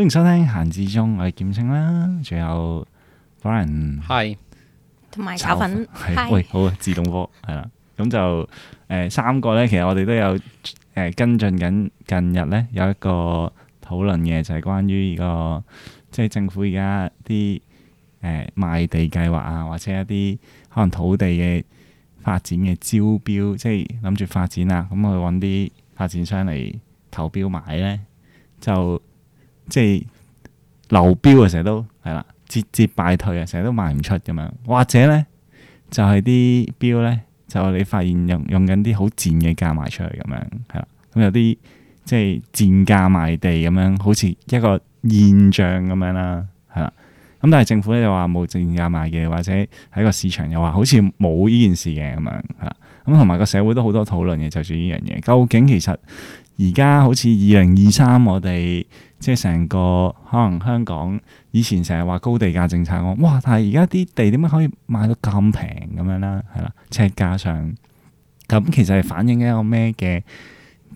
歡迎收聽。閒置中，我係劍青啦。仲有 Brian，係同埋炒粉，係，喂，好啊。自動波係啦。咁就誒，三個咧，其實我哋都有誒跟進緊。近日咧有一個討論嘅，就係關於個，即係政府而家啲誒賣地計劃啊，或者一啲可能土地嘅發展嘅招標，即係諗住發展啦，咁去搵啲發展商嚟投標買咧，就。即係流標啊，成日都係啦，節節敗退啊，成日都賣唔出咁樣，或者咧就係啲標咧，就你發現用用緊啲好賤嘅價賣出去咁樣，係啦，咁有啲即係賤價賣地咁樣，好似一個現象咁樣啦，係啦，咁但係政府咧又話冇賤價賣嘅，或者喺個市場又話好似冇呢件事嘅咁樣，係啦，咁同埋個社會都好多討論嘅，就住呢樣嘢，究竟其實而家好似二零二三我哋。即係成個可能香港以前成日話高地價政策，我哇！但係而家啲地點解可以賣到咁平咁樣啦？係啦，赤價上咁其實係反映緊一個咩嘅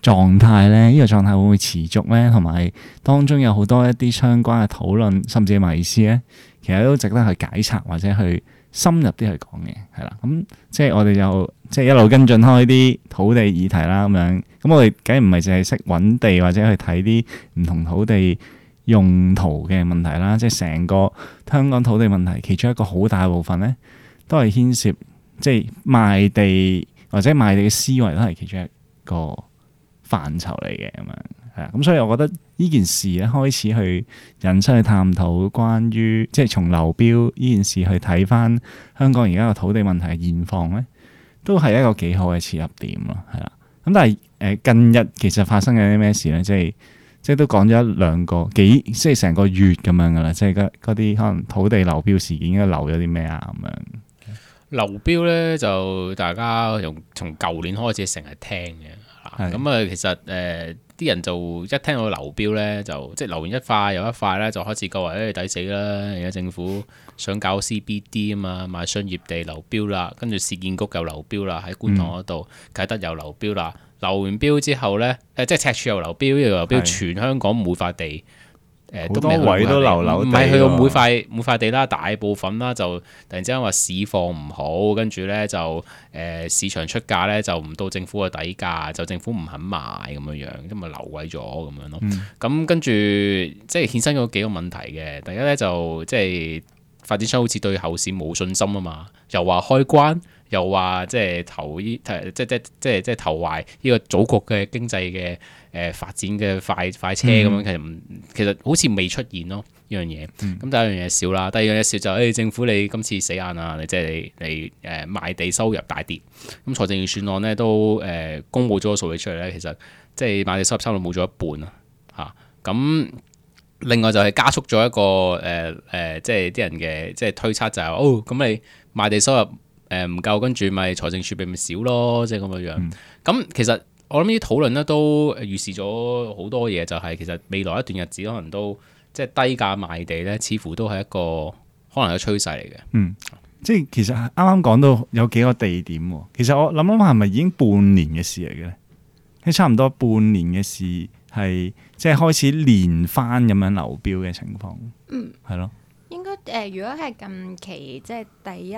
狀態咧？呢個狀態會唔會持續咧？同埋當中有好多一啲相關嘅討論，甚至迷思咧，其實都值得去解拆或者去，深入啲去講嘅，係啦，咁即係我哋又即係一路跟進開啲土地議題啦，咁樣，咁我哋梗係唔係淨係識揾地或者去睇啲唔同土地用途嘅問題啦？即係成個香港土地問題，其中一個好大部分咧，都係牽涉即係、就是、賣地或者賣地嘅思維，都係其中一個範疇嚟嘅咁樣。誒咁、嗯，所以我覺得呢件事咧，開始去引出去探討關於即係從流標呢件事去睇翻香港而家個土地問題嘅現況咧，都係一個幾好嘅切入點咯，係啦。咁、嗯、但係誒、呃、近日其實發生緊啲咩事咧？即係即係都講咗一兩個幾，即係成個月咁樣噶啦。即係嗰啲可能土地流標事件應該流咗啲咩啊？咁樣流標咧就大家從從舊年開始成日聽嘅，咁啊的其實誒。呃啲人就一聽到流標呢，就即係流完一塊又一塊呢，就開始覺得誒抵死啦！而家政府想搞 CBD 啊嘛，賣商業地流標啦，跟住市建局又流標啦，喺觀塘嗰度啟德又流標啦，流完標之後呢，即係赤柱又流標，又流標，全香港每塊地。好多位都流流，流，唔係去到每塊每塊地啦，大部分啦就突然之間話市況唔好，跟住咧就誒、呃、市場出價咧就唔到政府嘅底價，就政府唔肯賣咁樣樣，咁咪流標咗咁樣咯。咁、嗯、跟住即係衍生咗幾個問題嘅，第一咧就即係發展商好似對後市冇信心啊嘛，又話開關。又話即係投呢即即即即即投壞呢個祖國嘅經濟嘅誒、呃、發展嘅快快車咁樣，其實唔其實好似未出現咯呢樣嘢。咁、嗯、第一樣嘢少啦，第二樣嘢少就誒、是哎、政府你今次死硬啊！即係你你誒、呃、賣地收入大跌。咁財政預算案咧都誒、呃、公布咗個數字出嚟咧，其實即係賣地收入收入冇咗一半啦嚇。咁、啊啊、另外就係加速咗一個誒誒、呃呃呃，即係啲人嘅即係推測就係、是、哦咁、哦、你賣地收入。誒，唔夠、呃，跟住咪財政儲備咪少咯，即係咁樣樣。咁、嗯、其實我諗呢啲討論咧都預示咗好多嘢，就係、是、其實未來一段日子可能都即係低價賣地呢，似乎都係一個可能嘅趨勢嚟嘅。嗯，即係其實啱啱講到有幾個地點，其實我諗諗係咪已經半年嘅事嚟嘅呢？差唔多半年嘅事係即係開始連番咁樣流標嘅情況。嗯，係咯。應該誒、呃，如果係近期即係第一。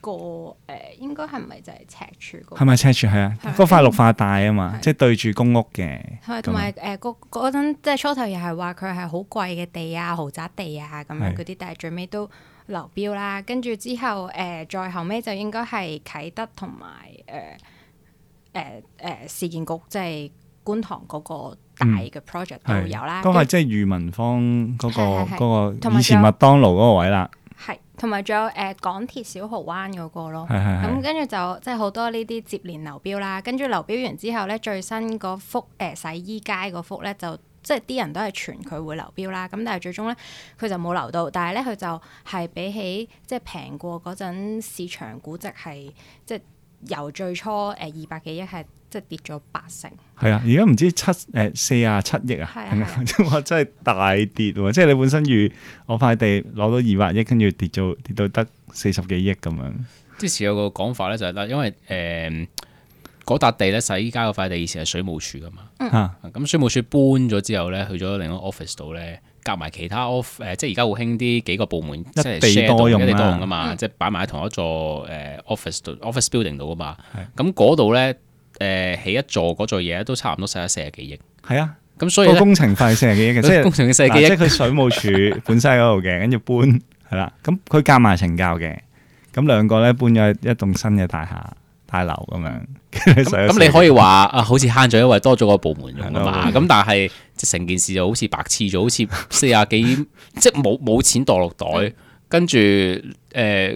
個誒，應該係咪就係赤柱嗰？係咪赤柱係啊？嗰塊綠化帶啊嘛，即係對住公屋嘅。係同埋誒，嗰陣即係初頭又係話佢係好貴嘅地啊，豪宅地啊咁樣嗰啲，但係最尾都流標啦。跟住之後誒，再後尾就應該係啟德同埋誒誒誒，市建局即係觀塘嗰個大嘅 project 都有啦。嗰個即係裕民坊嗰個個以前麥當勞嗰個位啦。同埋仲有誒、呃、港鐵小蠔灣嗰個咯，咁是、嗯、跟住就即係好多呢啲接連流標啦。跟住流標完之後咧，最新嗰幅誒、呃、洗衣街嗰幅咧，就即係啲人都係傳佢會流標啦。咁但係最終咧，佢就冇流到。但係咧，佢就係比起即係平過嗰陣市場估值係即係由最初誒二百幾億係。即係跌咗八成，係、呃、啊！而家唔知七誒四廿七億啊，哇！真係大跌喎！即係你本身預我塊地攞到二百億，跟住跌咗跌到得四十幾億咁樣。之前有個講法咧，就係嗱，因為誒嗰笪地咧，就係依家嗰塊地以前係水務署噶嘛，咁水務署搬咗之後咧，去咗另外 office 度咧，夾埋其他 off 誒，即係而家好興啲幾個部門即係、啊、share 用嘅嘛，即係擺埋同一座誒 office office building 度噶嘛，咁嗰度咧。誒，起一座嗰座嘢都差唔多使咗四十幾億，係啊，咁所以工程費四十幾億嘅，即係工程四十幾億，即係水務署本身嗰度嘅，跟住搬係啦，咁佢加埋懲教嘅，咁兩個咧搬咗一棟新嘅大廈大樓咁樣。咁你可以話啊，好似慳咗，因為多咗個部門用啊嘛，咁但係成件事就好似白痴咗，好似四啊幾，即係冇冇錢墮落袋，跟住誒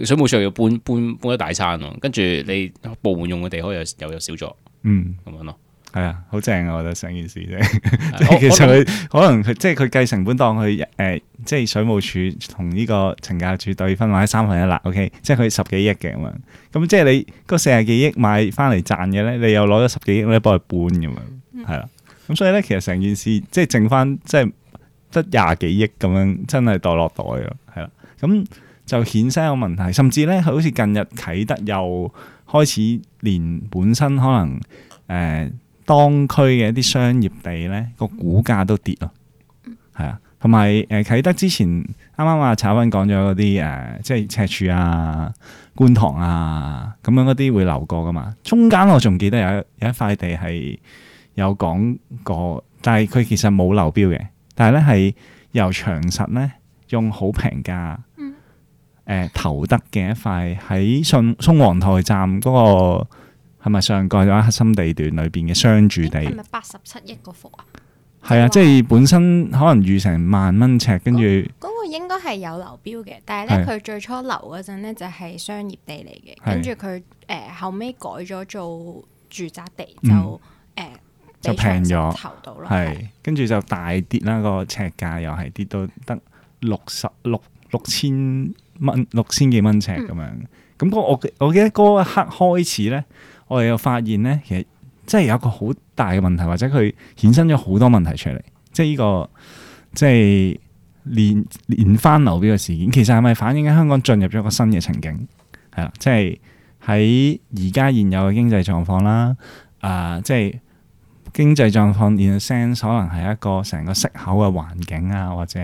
水務署又要搬搬搬一大餐咯，跟住你部門用嘅地方又又有少咗。嗯，咁樣咯，係啊，好正啊！我覺得成、呃就是 okay？嗯、件事，即係其實佢可能佢即係佢計成本，當去，誒，即係水務署同呢個懲教處對分買咗三分一啦。OK，即係佢十幾億嘅咁樣，咁即係你嗰四十幾億買翻嚟賺嘅咧，你又攞咗十幾億咧幫佢搬咁樣，係啦。咁所以咧，其實成件事即係剩翻，即係得廿幾億咁樣，真係袋落袋咯，係啦。咁就衍生有問題，甚至咧好似近日啟德又。開始連本身可能誒、呃、當區嘅一啲商業地咧，個股價都跌咯，係啊，同埋誒啟德之前啱啱話炒翻講咗嗰啲誒，即係赤柱啊、觀塘啊咁樣嗰啲會流過㗎嘛。中間我仲記得有一有一塊地係有講過，但係佢其實冇流標嘅，但係咧係由長實咧用好平價。誒，投得嘅一塊喺宋宋皇台站嗰個係咪上蓋咗核心地段裏邊嘅商住地？係咪八十七億個幅啊？係啊，即係本身可能預成萬蚊尺，跟住嗰個應該係有流標嘅，但係咧佢最初流嗰陣咧就係商業地嚟嘅，跟住佢誒後尾改咗做住宅地，就誒平咗投到咯，係跟住就大跌啦，個尺價又係跌到得六十六六千，蚊六千幾蚊尺咁樣，咁我、嗯、我記得嗰一刻開始咧，我哋又發現咧，其實即係有一個好大嘅問題，或者佢衍生咗好多問題出嚟，即係呢、這個即係連連翻流標嘅事件，其實係咪反映緊香港進入咗個新嘅情景？係啦，即係喺而家現有嘅經濟狀況啦，啊、呃，即係經濟狀況 in a sense，可能係一個成個息口嘅環境啊，或者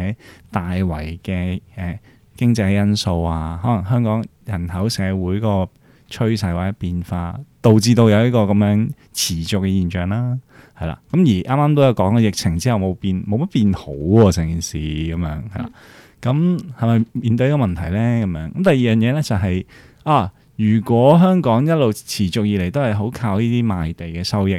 大圍嘅誒。呃經濟因素啊，可能香港人口社會個趨勢或者變化，導致到有一個咁樣持續嘅現象啦、啊，係啦。咁而啱啱都有講個疫情之後冇變，冇乜變好喎、啊，成件事咁樣係啦。咁係咪面對一個問題呢？咁樣咁第二樣嘢呢、就係，就係啊，如果香港一路持續以嚟都係好靠呢啲賣地嘅收益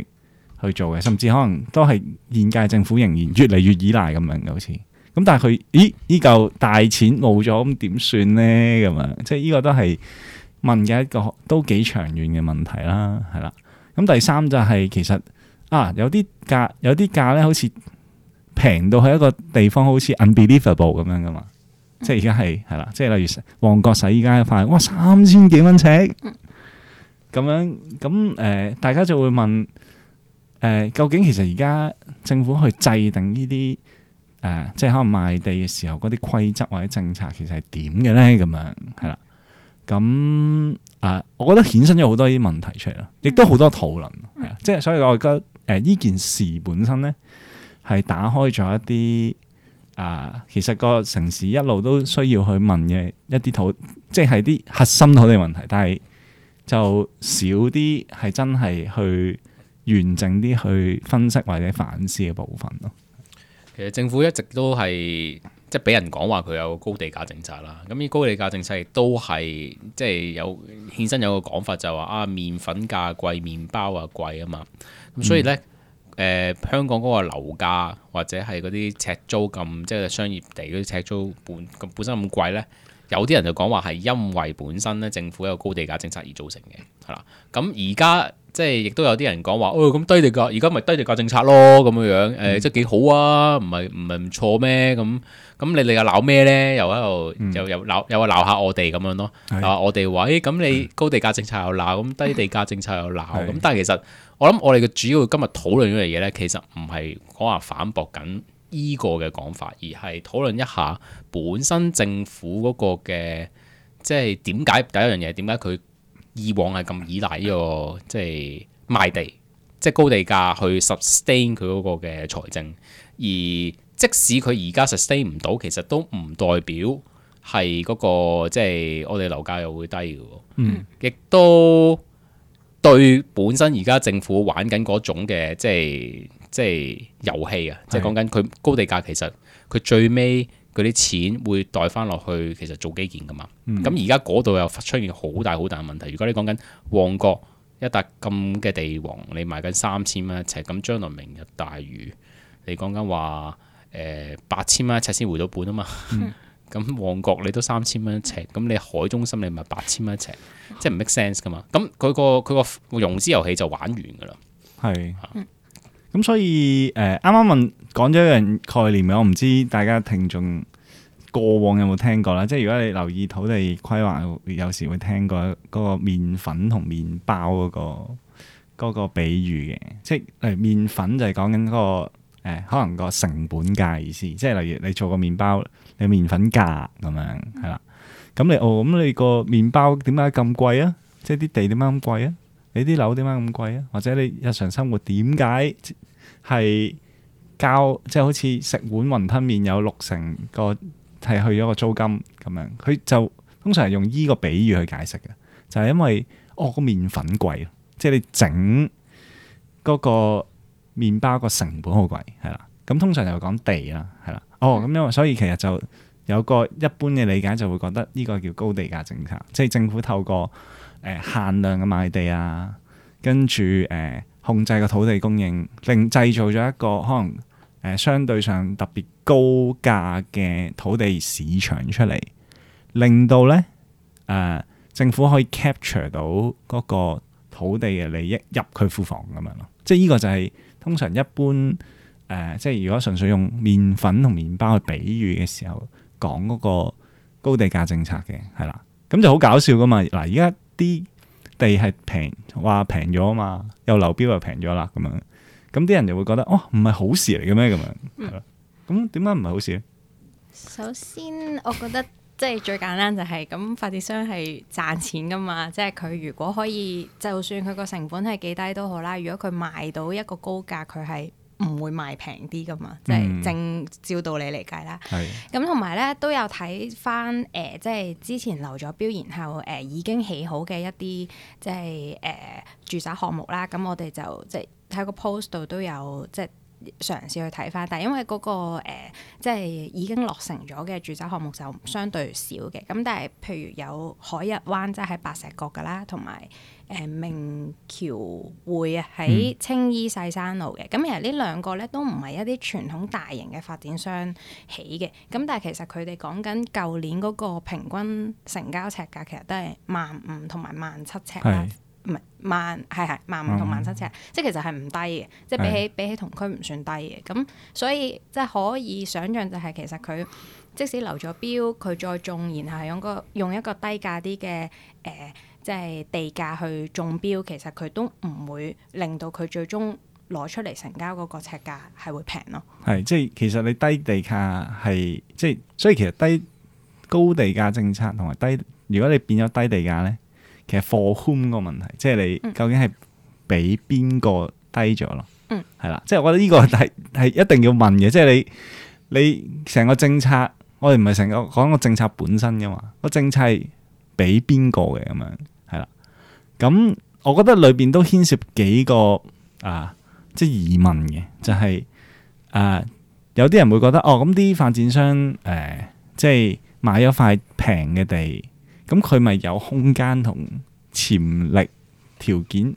去做嘅，甚至可能都係現屆政府仍然越嚟越依賴咁樣，好似。咁但係佢，咦？依嚿大錢冇咗咁點算咧？咁啊，即係呢個都係問嘅一個都幾長遠嘅問題啦，係啦。咁第三就係、是、其實啊，有啲價有啲價咧，好似平到係一個地方好似 unbelievable 咁樣噶嘛。即係而家係係啦，即係例如旺角洗衣街一塊，哇，三千幾蚊尺咁樣咁誒、呃，大家就會問誒、呃，究竟其實而家政府去制定呢啲？誒、呃，即係可能賣地嘅時候，嗰啲規則或者政策其實係點嘅咧？咁樣係啦，咁啊、呃，我覺得衍生咗好多啲問題出嚟咯，亦都好多討論，係啊、即係所以我覺得誒呢、呃、件事本身咧係打開咗一啲啊、呃，其實個城市一路都需要去問嘅一啲土，即係啲核心土地問題，但係就少啲係真係去完整啲去分析或者反思嘅部分咯。其實政府一直都係即係俾人講話佢有個高地價政策啦，咁呢高地價政策亦都係即係有衍生有個講法就話啊，麵粉價貴，麵包啊貴啊嘛，咁所以呢，誒、嗯呃，香港嗰個樓價或者係嗰啲呎租咁，即係商業地嗰啲呎租本本身咁貴呢，有啲人就講話係因為本身呢政府有高地價政策而造成嘅，係啦，咁而家。即係亦都有啲人講話，哦、哎、咁低地價，而家咪低地價政策咯咁樣樣，誒、呃、即係幾好啊，唔係唔係唔錯咩？咁咁你哋又鬧咩咧？又喺度、嗯、又又鬧，又話鬧下我哋咁樣咯。啊是，我哋話，誒、哎、咁你高地價政策又鬧，咁低地價政策又鬧，咁是但係其實我諗我哋嘅主要今日討論呢樣嘢咧，其實唔係講話反駁緊依個嘅講法，而係討論一下本身政府嗰個嘅，即係點解第一樣嘢點解佢？以往係咁依賴呢個即係賣地，即係高地價去 sustain 佢嗰個嘅財政。而即使佢而家 sustain 唔到，其實都唔代表係嗰個即係我哋樓價又會低㗎。嗯，亦都對本身而家政府玩緊嗰種嘅即係即係遊戲啊！的即係講緊佢高地價，其實佢最尾。佢啲錢會代翻落去，其實做基建噶嘛。咁而家嗰度又出現好大好大問題。如果你講緊旺角一笪咁嘅地王，你賣緊三千蚊一尺，咁將來明日大嶼，你講緊話誒八千蚊一尺先回到本啊嘛。咁、嗯、 旺角你都三千蚊一尺，咁你海中心你咪八千蚊一尺，即係唔 make sense 噶嘛。咁佢個佢個融資遊戲就玩完噶啦。係。咁所以誒，啱、呃、啱問。講咗一樣概念，我唔知大家聽眾過往有冇聽過啦。即係如果你留意土地規劃，有時會聽過嗰個麵粉同麵包嗰個嗰個比喻嘅，即係誒麵粉就係講緊嗰個誒可能個成本價意思，即係例如你做個麵包你麵粉價咁樣係啦。咁你哦咁你個麵包點解咁貴啊？即係啲地點解咁貴啊？你啲樓點解咁貴啊？或者你日常生活點解係？交即係好似食碗雲吞麵有六成個係去咗個租金咁樣，佢就通常用依個比喻去解釋嘅，就係、是、因為哦個麵粉貴，即係你整嗰個麵包個成本好貴，係啦。咁通常就講地啦，係啦。哦咁，因為所以其實就有個一般嘅理解就會覺得呢個叫高地價政策，即係政府透過誒、呃、限量嘅賣地啊，跟住誒、呃、控制個土地供應，令製造咗一個可能。誒、呃、相對上特別高價嘅土地市場出嚟，令到咧誒、呃、政府可以 capture 到嗰個土地嘅利益入佢庫房咁樣咯。即係呢個就係、是、通常一般誒、呃，即係如果純粹用麵粉同麵包去比喻嘅時候講嗰個高地價政策嘅係啦。咁就好搞笑㗎嘛！嗱，而家啲地係平，話平咗啊嘛，又樓標又平咗啦咁樣。咁啲人就會覺得，哦，唔係好事嚟嘅咩咁樣？咁點解唔係好事？首先，我覺得即係最簡單就係、是、咁，發展商係賺錢噶嘛，即係佢如果可以，就算佢個成本係幾低都好啦。如果佢賣到一個高價，佢係唔會賣平啲噶嘛，即係、嗯、正照道理嚟計啦。係咁的，同埋咧都有睇翻誒，即係之前流咗標，然後誒、呃、已經起好嘅一啲即係誒、呃、住宅項目啦。咁、啊、我哋就即睇個 post 度都有即係嘗試去睇翻，但係因為嗰、嗰個、呃、即係已經落成咗嘅住宅項目就相對少嘅，咁但係譬如有海逸灣即係喺白石角噶啦，同埋誒明翹匯喺青衣細山路嘅，咁其實呢兩個咧都唔係一啲傳統大型嘅發展商起嘅，咁但係其實佢哋講緊舊年嗰個平均成交尺價，其實都係萬五同埋萬七尺啦。唔萬，係係萬五同萬七尺，嗯、即係其實係唔低嘅，嗯、即係比起比起同區唔算低嘅，咁、嗯、所以即係可以想象，就係其實佢即使流咗標，佢再中，然後用個用一個低價啲嘅，誒，即係地價去中標，其實佢都唔會令到佢最終攞出嚟成交嗰個尺價係會平咯。係即係其實你低地價係即係，所以其實低高地價政策同埋低，如果你變咗低地價咧。其實 for whom 個問題，即係你究竟係俾邊個低咗咯？係啦、嗯，即係我覺得呢個係係一定要問嘅，即係、嗯、你你成個政策，我哋唔係成個講個政策本身噶嘛，個政策俾邊個嘅咁樣，係啦。咁我覺得裏邊都牽涉幾個啊、呃、即係疑問嘅，就係、是、誒、呃、有啲人會覺得哦，咁啲發展商誒、呃、即係買咗塊平嘅地。咁佢咪有空間同潛力條件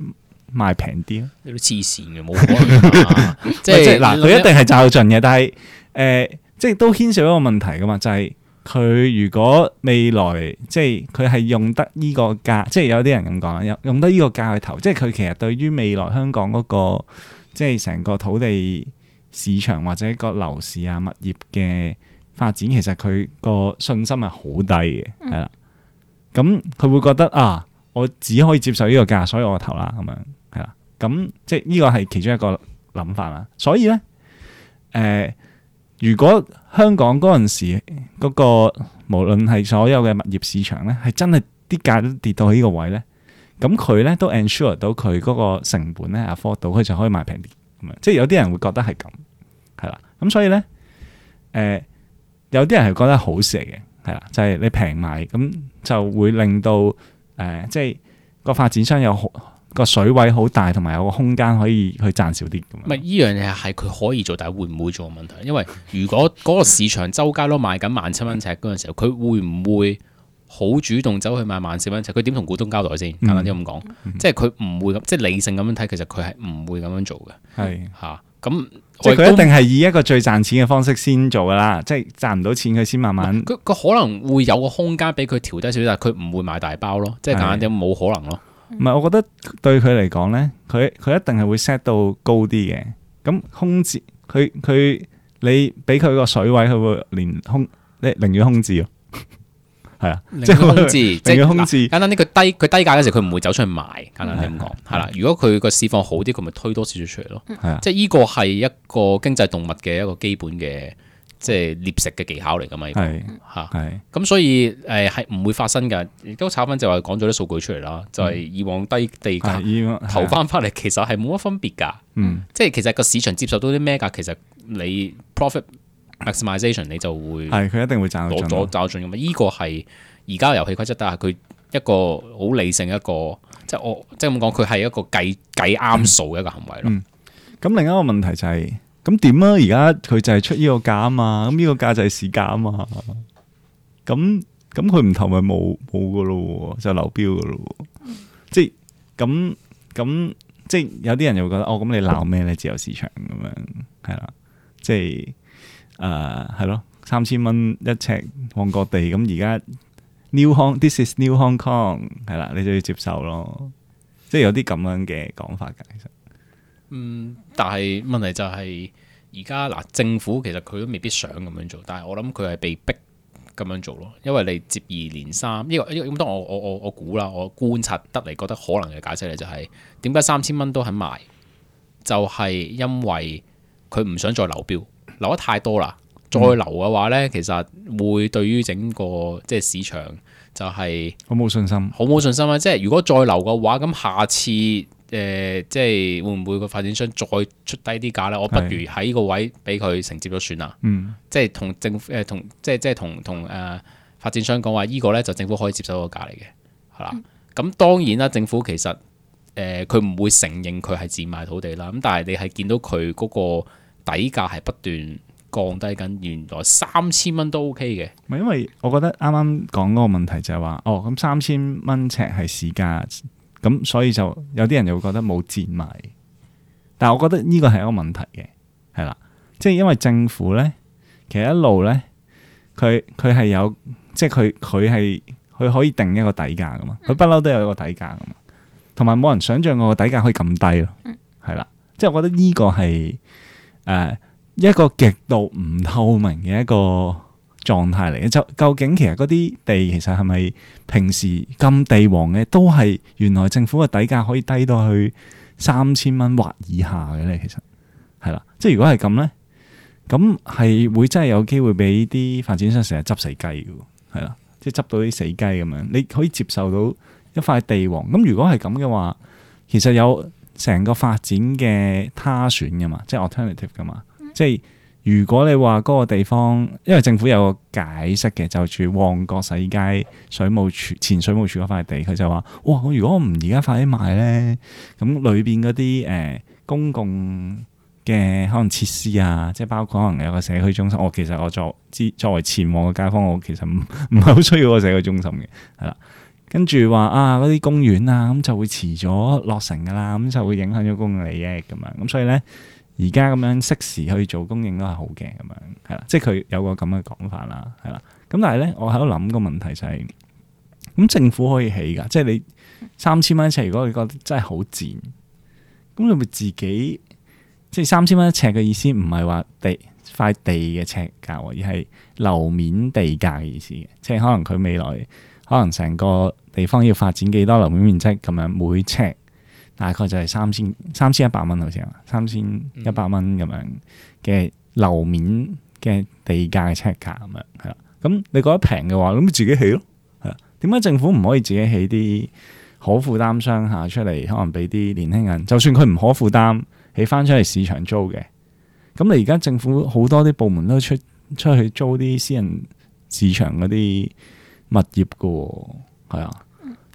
賣平啲咯？你都黐線嘅冇可能，即係嗱佢一定係就盡嘅，但係誒，即係都牽涉一個問題噶嘛，就係、是、佢如果未來即係佢係用得呢個價，即、就、係、是、有啲人咁講啦，用用得呢個價去投，即係佢其實對於未來香港嗰、那個即係成個土地市場或者個樓市啊、物業嘅發展，其實佢個信心係好低嘅，係啦、嗯。咁佢、嗯、會覺得啊，我只可以接受呢個價，所以我投啦咁樣，係啦。咁即係呢個係其中一個諗法啦。所以咧，誒、呃，如果香港嗰陣時嗰、嗰個無論係所有嘅物業市場咧，係真係啲價都跌到呢個位咧，咁佢咧都 ensure 到佢嗰個成本咧，afford 到佢就可以賣平啲咁樣。即係、呃、有啲人會覺得係咁，係啦。咁所以咧，誒，有啲人係覺得好事嘅。係啦，就係你平買，咁就會令到誒、呃，即係個發展商有個水位好大，同埋有個空間可以去賺少啲。唔係呢樣嘢係佢可以做，但係會唔會做嘅問題？因為如果嗰個市場周街都賣緊萬七蚊尺嗰陣時候，佢會唔會好主動走去買萬四蚊尺？佢點同股東交代先？簡單啲咁講，嗯、即係佢唔會咁，嗯、即係理性咁樣睇，其實佢係唔會咁樣做嘅，係吓的。啊咁、嗯、即係佢一定係以一個最賺錢嘅方式先做噶啦，即係賺唔到錢佢先慢慢。佢可能會有個空間俾佢調低少少，但係佢唔會買大包咯，即係大一點冇可能咯。唔係，我覺得對佢嚟講咧，佢佢一定係會 set 到高啲嘅。咁空置，佢佢你俾佢個水位，佢會連空，你寧願空置。係啊，空置，空置，簡單啲，佢低佢低價嗰時佢唔會走出去賣，簡單咁講，係啦。如果佢個市況好啲，佢咪推多少少出嚟咯。即係呢個係一個經濟動物嘅一個基本嘅，即係獵食嘅技巧嚟噶嘛？咁所以誒係唔會發生噶？亦都炒翻就話講咗啲數據出嚟啦，就係以往低地價投翻翻嚟，其實係冇乜分別噶。即係其實個市場接受到啲咩價，其實你 profit。Maximization 你就會係佢一定會賺攞攞賺咁啊！呢個係而家遊戲規則，但係佢一個好理性一個，即、就、係、是、我即係咁講，佢、就、係、是、一個計計啱數嘅一個行為咯。咁、嗯嗯、另一個問題就係咁點啊？而家佢就係出呢個價啊嘛，咁呢個價就係市價啊嘛。咁咁佢唔投咪冇冇噶咯？就流標噶咯、嗯？即係咁咁，即係有啲人又會覺得哦，咁你鬧咩咧？自由市場咁樣係啦，即係。誒係咯，三千蚊一尺旺角地，咁而家 New Hong，This is New Hong Kong 係啦，你就要接受咯，即係有啲咁樣嘅講法㗎。其實，嗯，但係問題就係而家嗱，政府其實佢都未必想咁樣做，但係我諗佢係被逼咁樣做咯，因為你接二連三，呢、呢個呢咁多，我我我我估啦，我觀察得嚟覺得可能嘅解釋咧就係點解三千蚊都肯賣，就係、是、因為佢唔想再流標。留得太多啦，再流嘅話咧，其實會對於整個即係市場就係好冇信心，好冇信心啊！即係如果再流嘅話，咁下次誒，即係會唔會個發展商再出低啲價咧？我不如喺呢個位俾佢承接咗算啦。嗯，即係同政誒同、呃、即係即係同同誒發展商講話，呢、這個咧就政府可以接受個價嚟嘅，係啦。咁、嗯、當然啦，政府其實誒佢唔會承認佢係賤賣土地啦。咁但係你係見到佢嗰、那個。底價係不斷降低緊，原來三千蚊都 OK 嘅。唔係因為我覺得啱啱講嗰個問題就係話，哦，咁三千蚊尺係市價，咁所以就有啲人就會覺得冇賤賣。但係我覺得呢個係一個問題嘅，係啦，即係因為政府咧，其實一路咧，佢佢係有，即係佢佢係佢可以定一個底價噶嘛，佢不嬲都有一個底價噶嘛，同埋冇人想象我個底價可以咁低咯，係啦，即係我覺得呢個係。誒一個極度唔透明嘅一個狀態嚟嘅，就究竟其實嗰啲地其實係咪平時咁地王嘅，都係原來政府嘅底價可以低到去三千蚊或以下嘅咧，其實係啦，即係如果係咁咧，咁係會真係有機會俾啲發展商成日執死雞嘅，係啦，即係執到啲死雞咁樣，你可以接受到一塊地王。咁如果係咁嘅話，其實有，成個發展嘅他選噶嘛，即係 alternative 噶嘛。嗯、即係如果你話嗰個地方，因為政府有個解釋嘅，就住旺角洗衣街水務處前水務處嗰塊地，佢就話：哇！如果我唔而家快啲賣咧，咁裏邊嗰啲誒公共嘅可能設施啊，即係包括可能有個社區中心。我其實我作之作為前往嘅街坊，我其實唔唔係好需要個社區中心嘅，係啦。跟住話啊，嗰啲公園啊，咁就會遲咗落成噶啦，咁就會影響咗公共利益咁啊。咁所以咧，而家咁樣適時去做供應都係好嘅，咁樣係啦。即係佢有個咁嘅講法啦，係啦。咁但係咧，我喺度諗個問題就係、是，咁政府可以起噶，即係你三千蚊一尺，如果你覺得真係好賤，咁你唔會自己即係三千蚊一尺嘅意思，唔係話地塊地嘅尺價，而係樓面地價嘅意思，即係可能佢未來。可能成個地方要發展幾多樓面面積咁樣，每尺大概就係三千三千一百蚊，好似係，三千一百蚊咁樣嘅樓面嘅地價嘅尺價咁樣係啦。咁你覺得平嘅話，咁自己起咯。係啦，點解政府唔可以自己起啲可負擔商下出嚟，可能俾啲年輕人？就算佢唔可負擔，起翻出嚟市場租嘅。咁你而家政府好多啲部門都出出去租啲私人市場嗰啲。物業嘅係啊，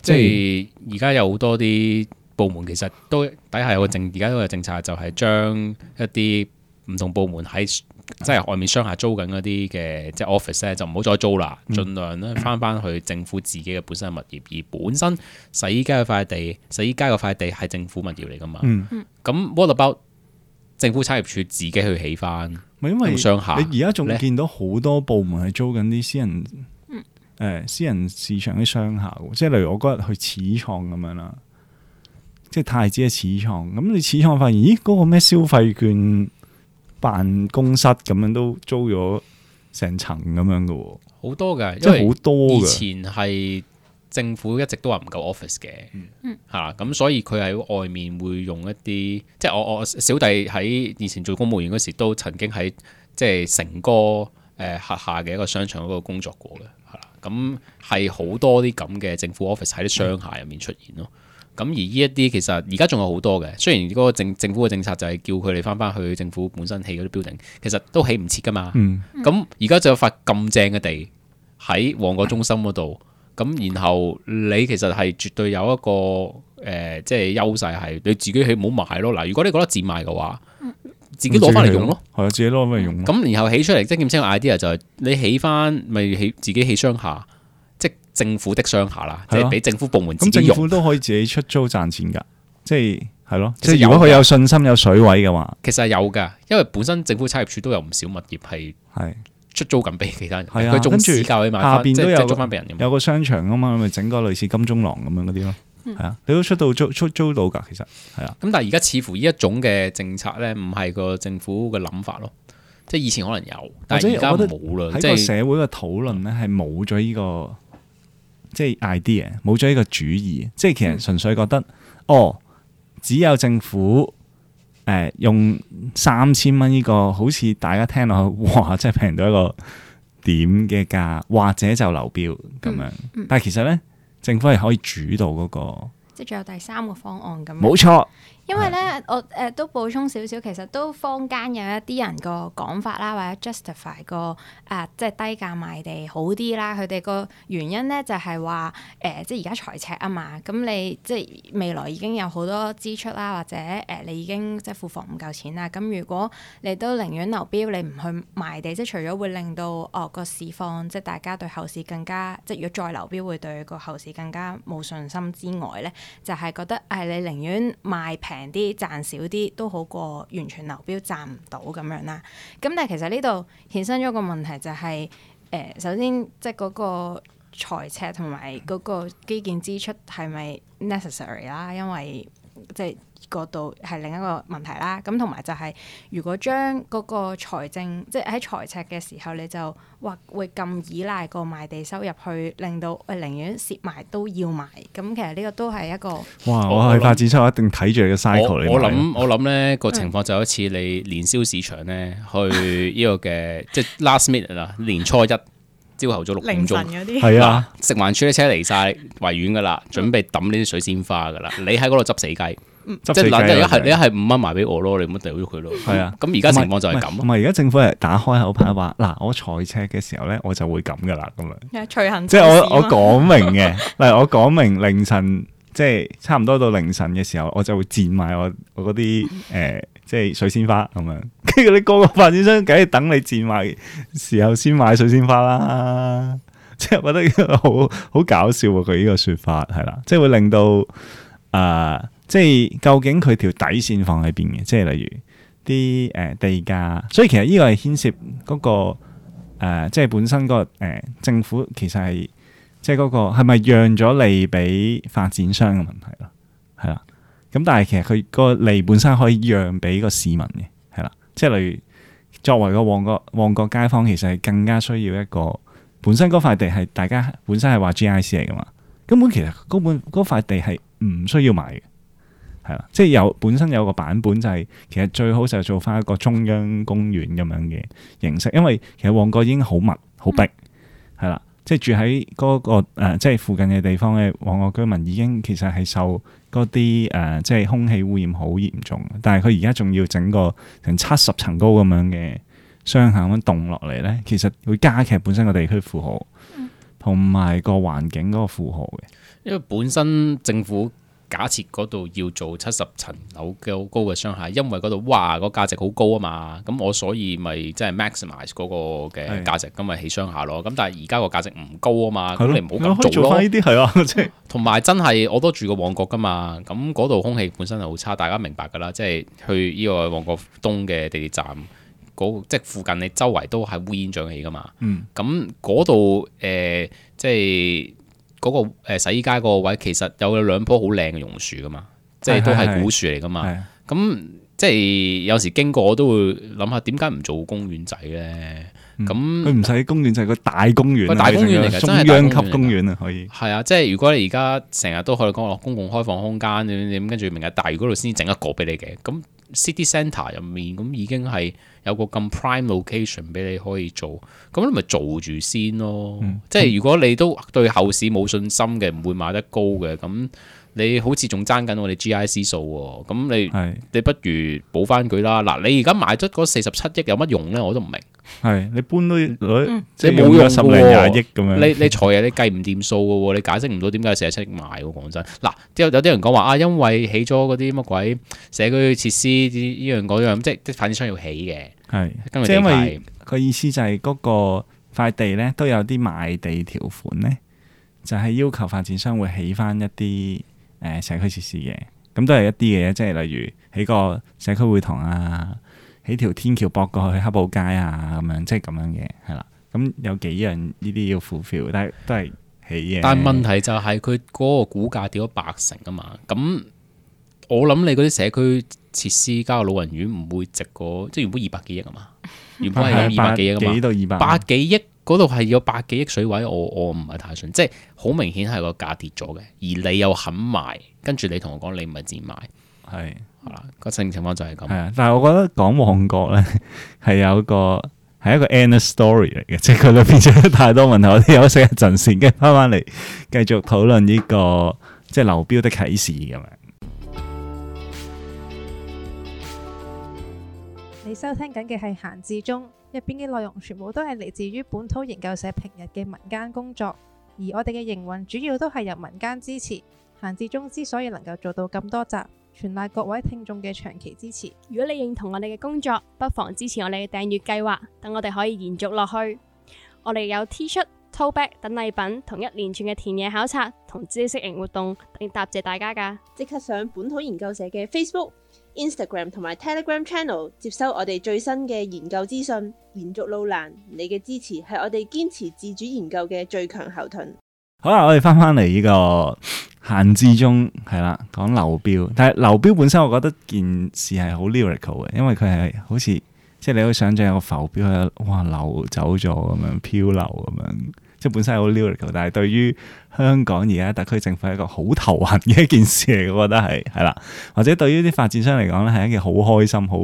即係而家有好多啲部門，其實都底下有個政，而家都有政策，個政策就係將一啲唔同部門喺即係外面商廈租緊嗰啲嘅即係 office 咧，就唔好再租啦，盡、嗯、量咧翻翻去政府自己嘅本身嘅物業，而本身洗衣街嗰塊地，洗衣街嗰塊地係政府物業嚟噶嘛？咁、嗯嗯、what about 政府產業署自己去起翻？唔係因為商廈，你而家仲見到好多部門係租緊啲私人誒、哎、私人市場啲商戶，即係例如我嗰日去始創咁樣啦，即係太子嘅始創，咁你始創發現，咦嗰、那個咩消費券辦公室咁樣都租咗成層咁樣嘅喎，好多嘅，即係好多嘅。以前係政府一直都話唔夠 office 嘅，嚇咁、嗯、所以佢喺外面會用一啲，即係我我小弟喺以前做公務員嗰時都曾經喺即係成哥誒、呃、轄下嘅一個商場嗰度工作過嘅，嚇。咁係好多啲咁嘅政府 office 喺啲商廈入面出現咯。咁、嗯、而呢一啲其實而家仲有好多嘅，雖然嗰個政政府嘅政策就係叫佢哋返返去政府本身起嗰啲 building，其實都起唔切㗎嘛。咁而家就有幅咁正嘅地喺旺角中心嗰度，咁然後你其實係絕對有一個誒，即、呃、係、就是、優勢係你自己起唔好賣咯。嗱，如果你覺得賤賣嘅話。嗯自己攞翻嚟用咯，係啊，自己攞翻嚟用。咁然後起出嚟，即係咁先個 idea 就係你起翻，咪起自己起商廈，即政府的商廈啦，即係俾政府部門。咁政府都可以自己出租賺錢噶，即係係咯，即係如果佢有信心有水位嘅話。其實係有噶，因為本身政府產業署都有唔少物業係係出租緊俾其他人，佢做住教嘅嘛，下邊都有租翻俾人。有個商場啊嘛，咪整個類似金鐘廊咁樣嗰啲咯。係啊，你都出到租出租到噶，其實係啊。咁但係而家似乎呢一種嘅政策咧，唔係個政府嘅諗法咯。即係以前可能有，但係而家冇啦。即個社會嘅討論咧，係冇咗呢個即係 idea，冇咗呢個主意。即係、嗯、其實純粹覺得，哦，只有政府誒、呃、用三千蚊呢個，好似大家聽落哇，真係平到一個點嘅價，或者就流標咁樣。嗯嗯、但係其實咧。政府係可以主導嗰個，即係仲有第三個方案咁。冇錯。因為咧，我誒、呃、都補充少少，其實都坊間有一啲人個講法啦，或者 justify 個誒、呃、即係低價賣地好啲啦。佢哋個原因咧就係話誒，即係而家財赤啊嘛，咁你即係未來已經有好多支出啦，或者誒、呃、你已經即係庫房唔夠錢啦。咁如果你都寧願流標，你唔去賣地，即係除咗會令到哦個市況即係大家對後市更加，即係如果再流標會對個後市更加冇信心之外咧，就係、是、覺得係、呃、你寧願賣平。平啲賺少啲都好過完全流標賺唔到咁樣啦。咁但係其實呢度衍生咗個問題就係、是，誒、呃、首先即係嗰個財赤同埋嗰個基建支出係咪 necessary 啦？因為即係嗰度係另一個問題啦，咁同埋就係如果將嗰個財政，即係喺財赤嘅時候，你就或會咁依賴個賣，賣地收入去令到誒寧願蝕埋都要賣，咁其實呢個都係一個哇，我係想發展商一定睇住你嘅 cycle 嚟我買。我諗我諗咧個情況就好似你年宵市場咧去呢個嘅即係 last minute 啦，年初一。朝頭早六點鐘係啊，食環處啲車嚟晒維園噶啦，準備抌呢啲水仙花噶啦。你喺嗰度執死雞，即係一係你一係五蚊賣俾我咯，你咁、嗯、樣掉咗佢咯。係啊，咁而家情況就係咁。唔係而家政府係打開口牌話，嗱，我坐車嘅時候咧，我就會咁噶啦，咁啊，隨行就市嘛，即係我我講明嘅，嚟 我講明凌晨。即係差唔多到凌晨嘅時候，我就會賤賣我我嗰啲誒，即係水仙花咁樣。跟住你個個發展商梗係等你賤賣時候先買水仙花啦。啊、即係我覺得好好搞笑啊！佢呢個說法係啦，即係會令到啊、呃，即係究竟佢條底線放喺邊嘅？即係例如啲誒、呃、地價，所以其實呢個係牽涉嗰個誒、呃，即係本身、嗰個誒、呃、政府其實係。即係嗰個係咪讓咗利俾發展商嘅問題咯？係啦，咁但係其實佢個利本身可以讓俾個市民嘅，係啦。即係例如作為個旺角旺角街坊，其實係更加需要一個本身嗰塊地係大家本身係話 GIC 嚟噶嘛，根本其實嗰塊地係唔需要買嘅，係啦。即係有本身有個版本就係、是，其實最好就做翻一個中央公園咁樣嘅形式，因為其實旺角已經好密好逼，係啦。嗯即係住喺嗰、那個誒，即、呃、係、就是、附近嘅地方嘅旺角居民已經其實係受嗰啲誒，即、呃、係、就是、空氣污染好嚴重。但係佢而家仲要整個成七十層高咁樣嘅商廈咁凍落嚟咧，其實會加劇本身個地區負荷，同埋、嗯、個環境嗰個負荷嘅。因為本身政府。假設嗰度要做七十層樓嘅好高嘅商廈，因為嗰度哇個價值好高啊嘛，咁我所以咪即係 maximize 嗰個嘅價值，咁咪起商廈咯。咁但係而家個價值唔高啊嘛，咁的你唔好咁做咯。呢啲係啊，同埋 真係我都住過旺角噶嘛，咁嗰度空氣本身就好差，大家明白噶啦。即係去呢個旺角東嘅地鐵站，嗰個、即係附近你周圍都係烏煙瘴氣噶嘛。嗯，咁嗰度誒，即係。嗰個洗衣街嗰個位其實有兩棵好靚嘅榕樹㗎嘛，即係都係古樹嚟㗎嘛。咁是即係有時經過我都會諗下點解唔做公園仔咧？咁佢唔使公園仔，個、就係、大公園、啊，大公園嚟嘅中央級公園啊，可以。係啊，即係如果你而家成日都可以講話公共開放空間點點跟住明日大嶼嗰度先整一個俾你嘅咁。City Centre 入面咁已經係有個咁 prime location 俾你可以做，咁你咪做住先咯。嗯、即係如果你都對後市冇信心嘅，唔會買得高嘅，咁你好似仲爭緊我哋 GIC 數喎，咁你是你不如補翻佢啦。嗱，你而家買咗嗰四十七億有乜用咧？我都唔明。係你搬都、嗯、即係冇用嘅，十零廿億咁樣。你你財爺你計唔掂數嘅，你解釋唔到點解成日出賣。講真，嗱、啊，有有啲人講話啊，因為起咗嗰啲乜鬼社區設施呢？依樣嗰樣，即係發展商要起嘅。係是，因為個意思就係嗰個塊地咧都有啲賣地條款咧，就係、是、要求發展商會起翻一啲誒、呃、社區設施嘅。咁都係一啲嘅，即係例如起個社區會堂啊。喺條天橋駁過去黑布街啊，咁樣即係咁樣嘅係啦。咁有幾樣呢啲要付票，但係都係起嘅。但係問題就係佢嗰個估價跌咗八成啊嘛。咁我諗你嗰啲社區設施加老人院唔會值過，即係原本二百幾億啊嘛。原本係二百幾億噶嘛， 百幾億嗰度係有百幾億水位，我我唔係太信，即係好明顯係個價跌咗嘅。而你又肯賣，跟住你同我講你唔係賤賣。係好啦，個成、嗯、情況就係咁。係啊，但係我覺得講旺角咧,係有一個係一個 end story 嚟嘅，即係佢裏邊出太多問題，我哋休息一陣先，跟翻翻嚟繼續討論呢個即係流標的啟示咁樣。你收聽緊嘅係閒置中入邊嘅內容，全部都係嚟自於本土研究社平日嘅民間工作，而我哋嘅營運主要都係由民間支持。閒置中之所以能夠做到咁多集。全賴各位聽眾嘅長期支持。如果你認同我哋嘅工作，不妨支持我哋嘅訂閱計劃，等我哋可以延續落去。我哋有 T 恤、tote bag 等禮品，同一連串嘅田野考察同知識型活動，要答謝大家噶。即刻上本土研究社嘅 Facebook、Instagram 同埋 Telegram Channel，接收我哋最新嘅研究資訊。延續路難，你嘅支持係我哋堅持自主研究嘅最強後盾。好啦，我哋返返嚟呢個閒置中係啦，講流、嗯就是、標，但係流標本身，我覺得件事係好 lyrical 嘅，因為佢係好似即係你都想象有個浮標啊，哇流走咗咁樣漂流咁樣，即係本身係好 lyrical 但係對於香港而家特區政府係一個好頭痕嘅一件事嚟，我覺得係係啦，或者對於啲發展商嚟講咧，係一件好開心、好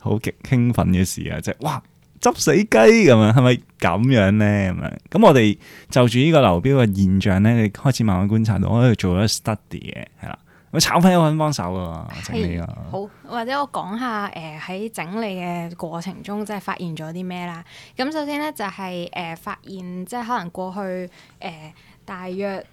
好極興奮嘅事啊，即、就、係、是、哇！執死雞咁啊，係咪咁樣咧？咁啊，咁我哋就住呢個流標嘅現象咧，你開始慢慢觀察到，我喺度做咗 study 嘅，係啦。我炒粉有份幫手噶嘛，整理。好，或者我講下誒喺、呃、整理嘅過程中，即係發現咗啲咩啦？咁首先咧就係、是、誒、呃、發現，即係可能過去誒、呃、大約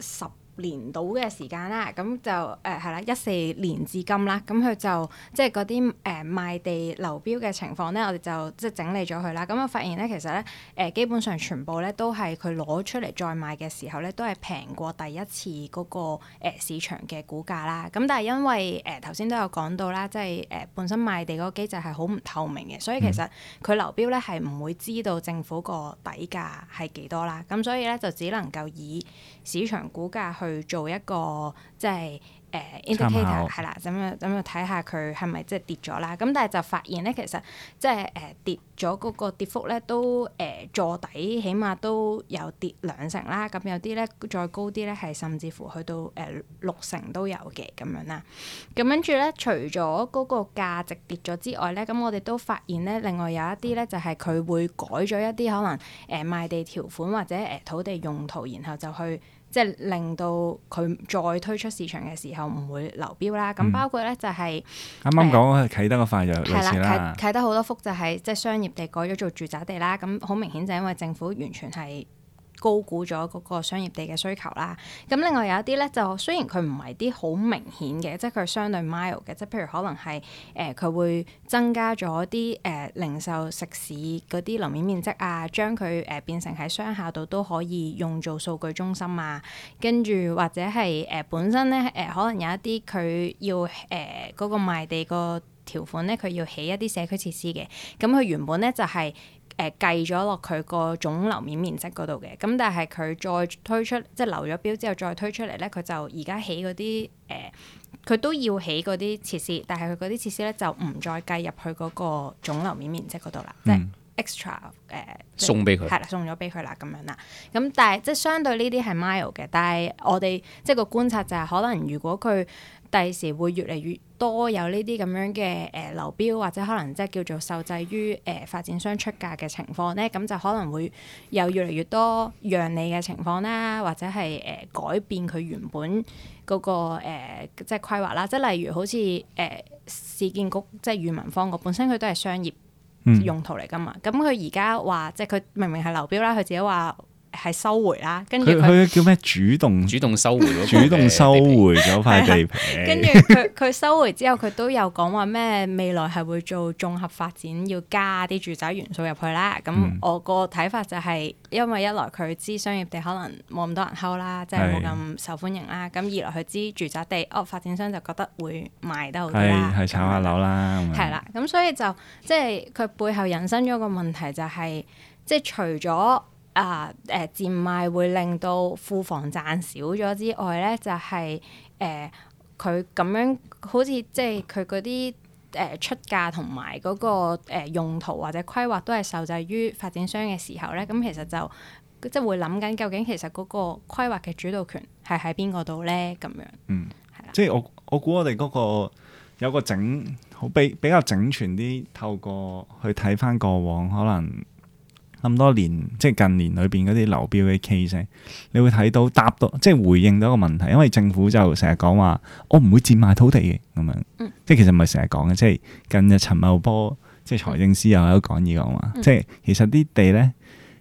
十。年度嘅時間啦，咁就誒係啦，一四年至今啦，咁佢就即係嗰啲誒賣地流標嘅情況咧，我哋就即係整理咗佢啦。咁我發現咧，其實咧誒、呃、基本上全部咧都係佢攞出嚟再賣嘅時候咧，都係平過第一次嗰、嗰個、呃、市場嘅估價啦。咁但係因為誒頭先都有講到啦，即係誒、呃、本身賣地嗰個機制係好唔透明嘅，所以其實佢流標咧係唔會知道政府個底價係幾多啦。咁所以咧就只能夠以市場股價去做一個，即係。誒 indicator 係啦，咁樣咁樣睇下佢係咪即係跌咗啦？咁但係就發現咧，其實即係誒跌咗嗰個跌幅咧，都、呃、誒坐底，起碼都有跌兩成啦。咁有啲咧再高啲咧，係甚至乎去到誒六成都有嘅咁樣啦。咁跟住咧，除咗嗰個價值跌咗之外咧，咁我哋都發現咧，另外有一啲咧就係佢會改咗一啲可能誒賣地條款或者誒土地用途，然後就去。即係令到佢再推出市場嘅時候唔會流標啦。咁、嗯、包括咧就係啱啱講啊，啟、呃、德個範就類似啦。啟的德好多幅就係、是、即係商業地改咗做住宅地啦。咁好明顯就係因為政府完全係，高估咗嗰個商業地嘅需求啦，咁另外有一啲咧就雖然佢唔係啲好明顯嘅，即係佢相對 mild 嘅，即係譬如可能係誒佢會增加咗啲誒零售食肆嗰啲樓面面積啊，將佢誒變成喺商校度都可以用做數據中心啊，跟住或者係誒、呃、本身咧誒、呃、可能有一啲佢要誒嗰、呃那個賣地個條款咧，佢要起一啲社區設施嘅，咁佢原本咧就係、是。誒計咗落佢個腫瘤面面積總樓面面積嗰度嘅，咁但係佢再推出即係流咗標之後再推出嚟咧，佢就而家起嗰啲誒，佢、呃、都要起嗰啲設施，但係佢嗰啲設施咧就唔再計入去嗰個總樓面面積嗰度啦，即係 extra 誒送俾佢，係啦，送咗俾佢啦咁樣啦。咁但係即係相對呢啲係 mile 嘅，但係我哋即係個觀察就係可能如果佢。第時會越嚟越多有呢啲咁樣嘅誒、呃、流標，或者可能即係叫做受制於誒、呃、發展商出價嘅情況咧，咁就可能會有越嚟越多讓利嘅情況啦，或者係誒、呃、改變佢原本嗰、那個、呃、即係規劃啦。即係例如好似誒市建局即係裕民坊嗰本身佢都係商業用途嚟㗎嘛，咁佢而家話即係佢明明係流標啦，佢自己話，係收回啦，跟住佢叫咩？主動主動收回，主動收回咗塊地皮。跟住佢佢收回之後，佢都有講話咩？未來係會做綜合發展，要加啲住宅元素入去啦。咁我個睇法就係因為一來佢知商業地可能冇咁多人 hold 啦，即係冇咁受歡迎啦。咁二來佢知住宅地，哦，發展商就覺得會賣得好啲啦，係炒下樓啦。係啦，咁所以就即係佢背後引申咗個問題，就係即係除咗。啊！誒、呃、賤賣會令到庫房賺少咗之外咧，就係誒佢咁樣好似即係佢嗰啲誒出價同埋嗰個、呃、用途或者規劃都係受制於發展商嘅時候咧，咁其實就即係會諗緊究竟其實嗰個規劃嘅主導權係喺邊個度咧？咁樣嗯，係啦是的，即係我我估我哋嗰個有個整好比比較整全啲，透過去睇返過往可能，咁多年，即係近年裏邊嗰啲流標嘅 case，你會睇到答到，即係回應到一個問題，因為政府就成日講話我唔會賤賣土地嘅咁樣，嗯、即係其實唔係成日講嘅，即係近日陳茂波即係財政司又喺度講嘢講話，嗯、即係其實啲地咧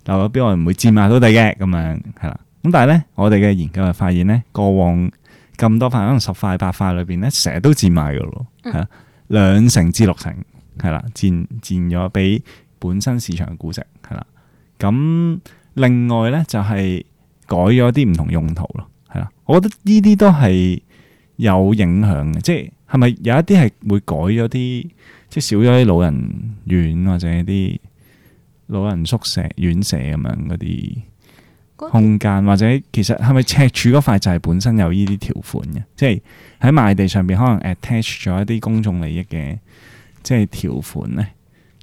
流咗標，我唔會賤賣土地嘅咁樣係啦。咁但係咧，我哋嘅研究就發現咧，過往咁多塊可能十塊八塊裏邊咧，成日都賤賣嘅咯，係啦、嗯，兩成至六成係啦，賤賤咗俾本身市場嘅估值。咁另外咧就係改咗啲唔同用途咯，係啦，我覺得呢啲都係有影響嘅，即係係咪有一啲係會改咗啲，即係少咗啲老人院或者啲老人宿舍院舍咁樣嗰啲空間，或者其實係咪赤柱嗰塊就係本身有呢啲條款嘅，即係喺賣地上邊可能 attach 咗一啲公眾利益嘅，即係條款咧，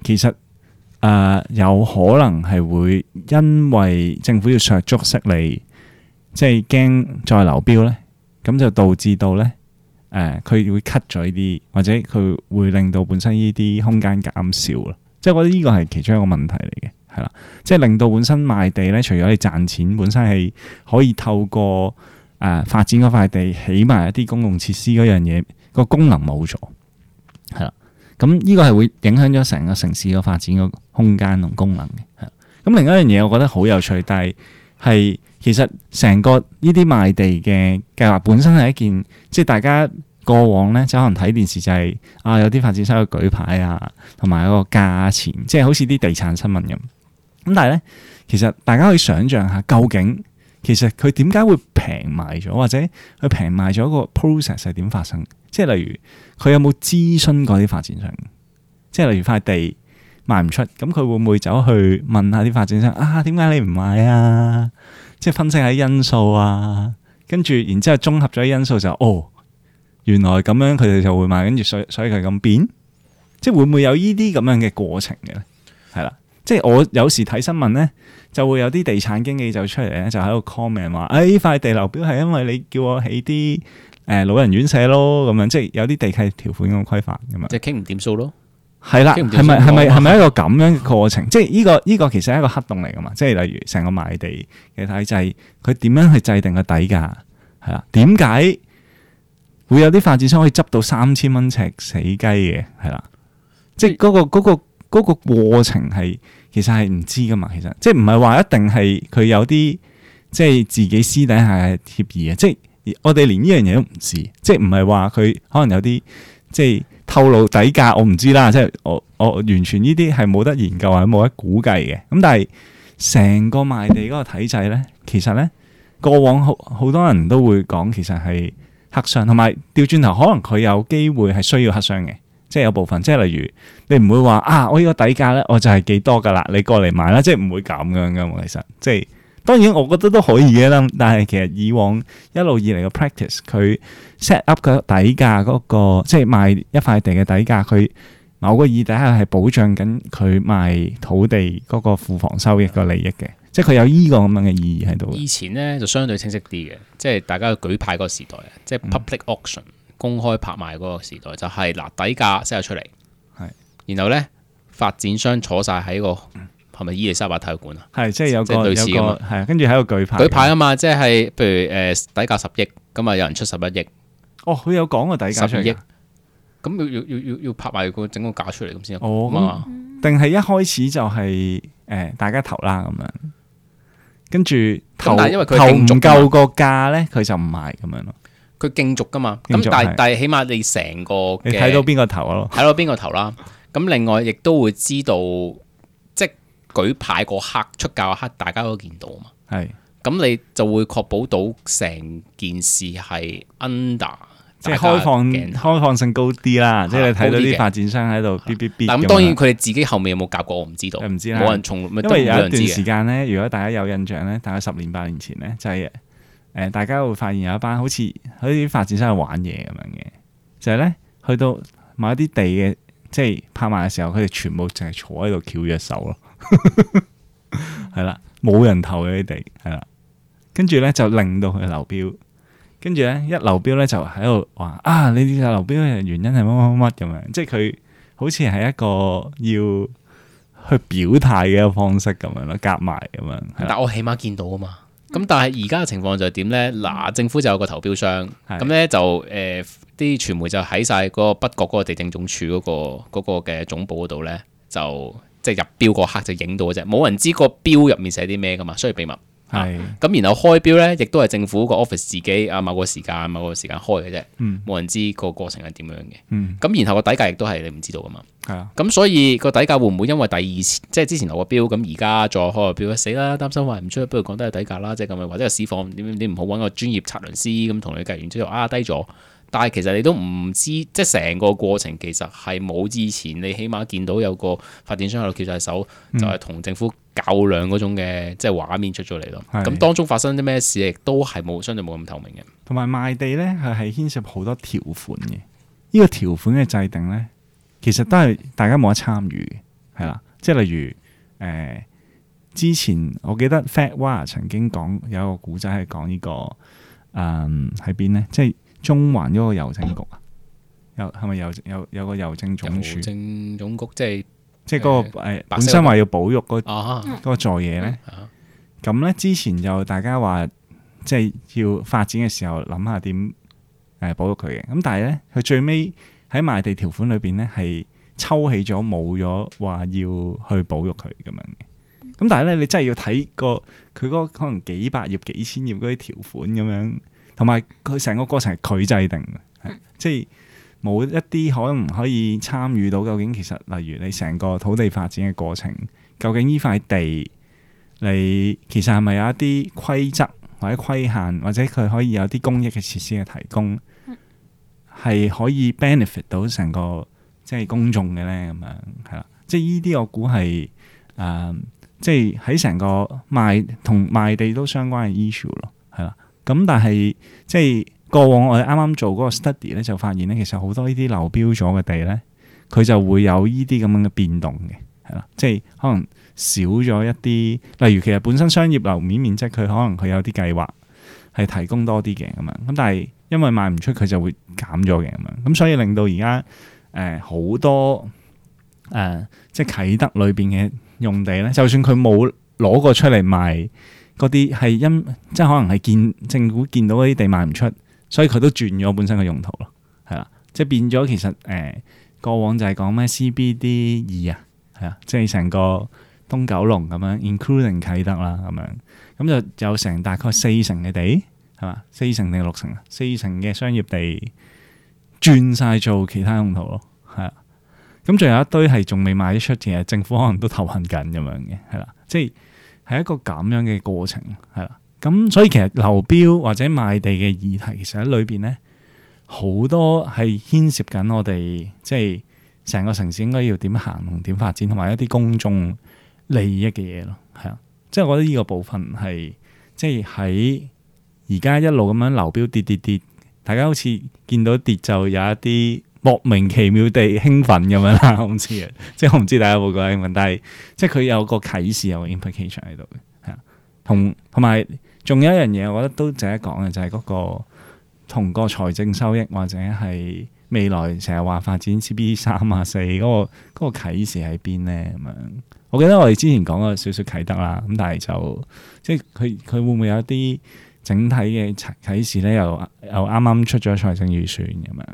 其實。誒、呃，有可能係會因為政府要削足適履，即係驚再流標咧，咁就導致到咧，誒、呃，佢會 cut 咗呢啲，或者佢會令到本身呢啲空間減少啦。即係我覺得呢個係其中一個問題嚟嘅，係啦，即係令到本身賣地咧，除咗你賺錢，本身係可以透過誒、呃、發展嗰塊地起埋一啲公共設施嗰樣嘢，個功能冇咗，係啦。咁呢個係會影響咗成個城市個發展個空間同功能嘅，係。咁另一樣嘢，我覺得好有趣，但係係其實成個呢啲賣地嘅計劃本身係一件，即係大家過往呢，就可能睇電視就係、是、啊有啲發展商去舉牌啊，同埋個價錢，即係好似啲地產新聞咁。咁但係呢，其實大家可以想象下究竟。其實佢點解會平賣咗，或者佢平賣咗個 process 係點發生？即係例如佢有冇諮詢過啲發展商？即係例如塊地賣唔出，咁佢會唔會走去問下啲發展商啊？點解你唔買啊？即係分析下啲因素啊。跟住然之後綜合咗啲因素就哦，原來咁樣佢哋就會賣，跟住所所以佢咁變，即係會唔會有呢啲咁樣嘅過程嘅咧？係啦。即係我有時睇新聞咧，就會有啲地產經紀就出嚟咧，就喺度 comment 話，誒、哎，呢塊地流標係因為你叫我起啲誒老人院舍咯，咁樣即係有啲地契條款咁規範咁嘛，即係傾唔掂數咯？係啦，係咪係咪係咪一個咁樣嘅過程？ 即係、呢、呢個呢、呢個其實係一個黑洞嚟噶嘛？即係例如成個賣地嘅體制，佢點樣去制定個底價？係啦，點解會有啲發展商可以執到三千蚊尺死雞嘅？係啦，即係、嗰、嗰個嗰、嗰個嗰、嗰個那個過程係。其實係唔知噶嘛，其實即係唔係話一定係佢有啲即係自己私底下協議嘅。即係我哋連呢樣嘢都唔知，即係唔係話佢可能有啲即係透露底價，我唔知啦，即係我我完全呢啲係冇得研究或者冇得估計嘅。咁但係成個賣地嗰個體制咧，其實咧過往好好多人都會講，其實係黑箱，同埋調轉頭可能佢有機會係需要黑箱嘅。即係有部分，即係例如你唔會話啊，我呢個底價咧，我就係幾多噶啦，你過嚟買啦，即係唔會咁樣噶。其實，即係當然我覺得都可以嘅啦。但係其實以往一路以嚟嘅 practice，佢 set up 個底價嗰、嗰個，即係賣一塊地嘅底價，佢某個意底下係保障緊佢賣土地嗰個庫房收益個利益嘅。即係佢有依個咁樣嘅意義喺度。以前咧就相對清晰啲嘅，即係大家舉牌嗰個時代啊，即係 public auction、嗯。公開拍賣嗰個時代就係、是、嗱底價 sell 出嚟，係是然後咧發展商坐晒喺個係咪、嗯、伊利沙伯體育館啊？係，即係有個類似係跟住喺度舉牌舉牌啊嘛，即係譬如，誒、呃、底價十億，咁啊有人出十一億，哦佢有講個底價十億，咁要要要要拍賣個整個價出嚟咁先哦，定係麼那一開始就係、是、誒、呃、大家投啦咁樣，跟住投但係因為佢唔夠個價咧，佢投就唔賣咁樣咯。佢競逐噶嘛，咁但係但係起碼你成個睇到邊個頭咯，睇到邊個頭啦。咁另外亦都會知道，即係舉牌個刻出教個刻，大家都見到嘛。係咁，你就會確保到成件事係 under，即係開放開放性高啲啦。即係你睇到啲發展商喺度，那咁當然佢哋自己後面有冇夾過我唔知道，唔知冇人從咪都有一段時間咧。如果大家有印象咧，大概十年八年前咧就係。誒，大家會發現有一班好似好似發展商去玩嘢咁樣嘅，就係、是、咧去到買啲地嘅，即係拍賣嘅時候，佢哋全部淨係坐喺度翹住手咯，係 啦， 冇人投嘅啲地，係啦，跟住咧就令到佢流標，跟住咧一流標咧就喺度話啊呢啲流標嘅原因係乜乜乜咁樣，即係佢好似係一個要去表態嘅一個方式咁樣咯，夾埋咁樣。樣但我起碼見到啊嘛。咁但係而家嘅情況就係點咧？嗱，政府就有個投標箱，咁咧是的 就誒啲、呃、傳媒就喺晒嗰北角嗰個地政總署嗰、嗰個嘅、嗰個、總部嗰度咧，就即係、就是、入標個刻就影到嘅啫，冇人知個標入面寫啲咩噶嘛，所以秘密。係，咁是然後開標咧，亦都係政府個 office 自己啊，某個時間某個時間開嘅啫，冇、嗯、人知個過程係點樣嘅。咁、嗯、然後個底價亦都係你唔知道噶嘛。係啊，咁所以個底價會唔會因為第二次即係之前流個標，咁而家再開個標，死啦！擔心話唔出去，不如講低個底價啦，即係咁樣，或者市況點點唔好，揾個專業測量師咁同你計完之後啊低咗。但係其實你都唔知，即係成個過程其實係冇，之前你起碼見到有個發展商喺度翹晒手，嗯、就係同政府較量嗰種嘅，即係畫面出咗嚟咯。咁、嗯、當中發生啲咩事，亦都係冇相對冇咁透明嘅。同埋賣地咧，係係牽涉好多條款嘅。呢、這個條款嘅制定咧，其實都係大家冇得參與嘅，係啦。嗯、即係例如誒、呃，之前我記得 Fatwa 曾經講有一個古仔係講呢個，誒喺邊咧，即係。中環嗰個郵政局啊，有係咪有有有個郵政總署？郵政總局即係即係嗰、嗰個、呃、本身話要保育嗰、嗰個座嘢咧。咁咧之前就大家話即係要發展嘅時候，諗下點誒保育佢嘅。咁但係咧，佢最尾喺賣地條款裏邊咧，係抽起咗冇咗話要去保育佢咁樣嘅。咁但係咧，你真係要睇個佢嗰個可能幾百頁、幾千頁嗰啲條款咁樣。同埋佢成個過程係佢制定嘅，係即係冇一啲可能可以參與到究竟其實，例如你成個土地發展嘅過程，究竟依塊地你其實係咪有一啲規則或者規限，或者佢可以有啲公益嘅設施嘅提供，係可以 benefit 到成個即係公眾嘅咧咁樣係啦。即係呢啲我估係誒，即係喺成個賣同賣地都相關嘅 issue 咯。咁但係即係過往我哋啱啱做嗰個 study 咧，就發現咧，其實好多呢啲流標咗嘅地咧，佢就會有呢啲咁樣嘅變動嘅，係啦，即係可能少咗一啲，例如其實本身商業樓面面積，佢可能佢有啲計劃係提供多啲嘅咁樣，咁但係因為賣唔出，佢就會減咗嘅咁樣，咁所以令到而家誒好多誒、呃、即係啟德裏邊嘅用地咧，就算佢冇攞過出嚟賣。嗰啲係因即係可能係見政府見到嗰啲地賣唔出，所以佢都轉咗本身嘅用途咯，係啦，即係變咗其實誒、呃、過往就係講咩 CBD 二啊，係啊，即係成個東九龍咁樣，including 啟德啦咁樣，咁就有成大概四成嘅地係嘛，四成定六成啊，四成嘅商業地轉晒做其他用途咯，係啦，咁仲有一堆係仲未賣得出嘅，政府可能都頭痕緊咁樣嘅，係啦，即係。係一個咁樣嘅過程，係啦，咁所以其實流標或者賣地嘅議題，其實喺裏邊咧好多係牽涉緊我哋即係成個城市應該要點行同點發展，同埋一啲公眾利益嘅嘢咯，係啊，即係我覺得呢個部分係即係喺而家一路咁樣流標跌跌跌，大家好似見到跌就有一啲。莫名其妙地興奮咁樣啦， 我唔知啊，即係我唔知大家會唔會興奮，但係即係佢有個啟示有個 implication 喺度嘅，係啊，同同埋仲有一樣嘢，我覺得都值得講嘅，就係嗰個同個財政收益或者係未來成日話發展 C B 三啊四嗰個嗰個啟示喺邊咧咁樣。我記得我哋之前講過少少啟德啦，咁但係就即係佢佢會唔會有一啲整體嘅啟啟示咧？又又啱啱出咗財政預算咁樣。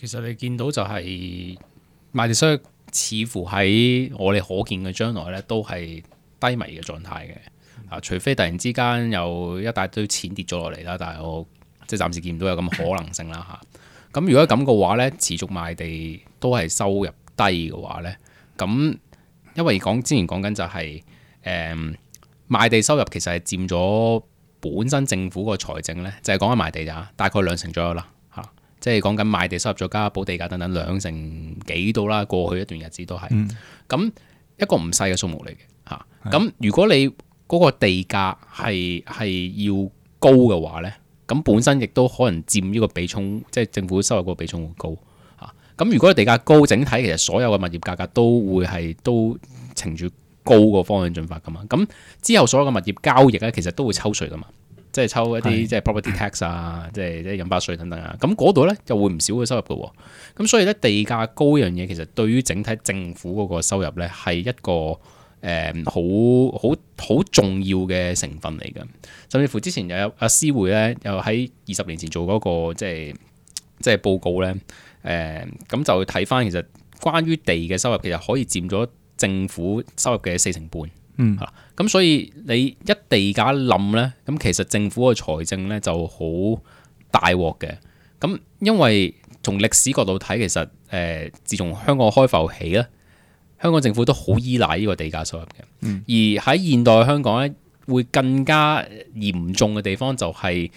其實你見到就係、是、賣地收入似乎喺我哋可見嘅將來咧，都係低迷嘅狀態嘅啊！除非突然之間有一大堆錢跌咗落嚟啦，但係我即係暫時見唔到有咁嘅可能性啦吓。咁 如果咁嘅話咧，持續賣地都係收入低嘅話咧，咁因為講之前講緊就係、是、誒、嗯、賣地收入其實係佔咗本身政府個財政咧，就係講緊賣地咋，大概兩成左右啦。即係講緊賣地收入再加，加補地價等等兩成幾度啦，過去一段日子都係，咁、嗯、一個唔細嘅數目嚟嘅吓。咁、啊、是的 如果你嗰個地價係係要高嘅話咧，咁本身亦都可能佔呢個比重，即、就、係、是、政府收入個比重會高吓。咁、啊、如果地價高，整體其實所有嘅物業價格都會係都呈住高個方向進發噶嘛。咁、啊、之後所有嘅物業交易咧，其實都會抽稅噶嘛。即係抽一啲即係 property tax 的啊，即係即係印花稅等等啊，咁嗰度咧就會唔少嘅收入嘅喎。咁所以咧，地價高呢樣嘢，其實對於整體政府嗰個收入咧係一個誒、嗯、好好好重要嘅成分嚟嘅。甚至乎之前又有阿思匯咧，又喺二十年前做嗰個即係即係報告咧，誒、嗯、咁就睇翻其實關於地嘅收入，其實可以佔咗政府收入嘅四成半。嗯。咁所以你一地價冧咧，咁其實政府個財政咧就好大鑊嘅。咁因為從歷史角度睇，其實誒自從香港開埠起咧，香港政府都好依賴呢個地價收入嘅。嗯。而喺現代香港咧，會更加嚴重嘅地方就係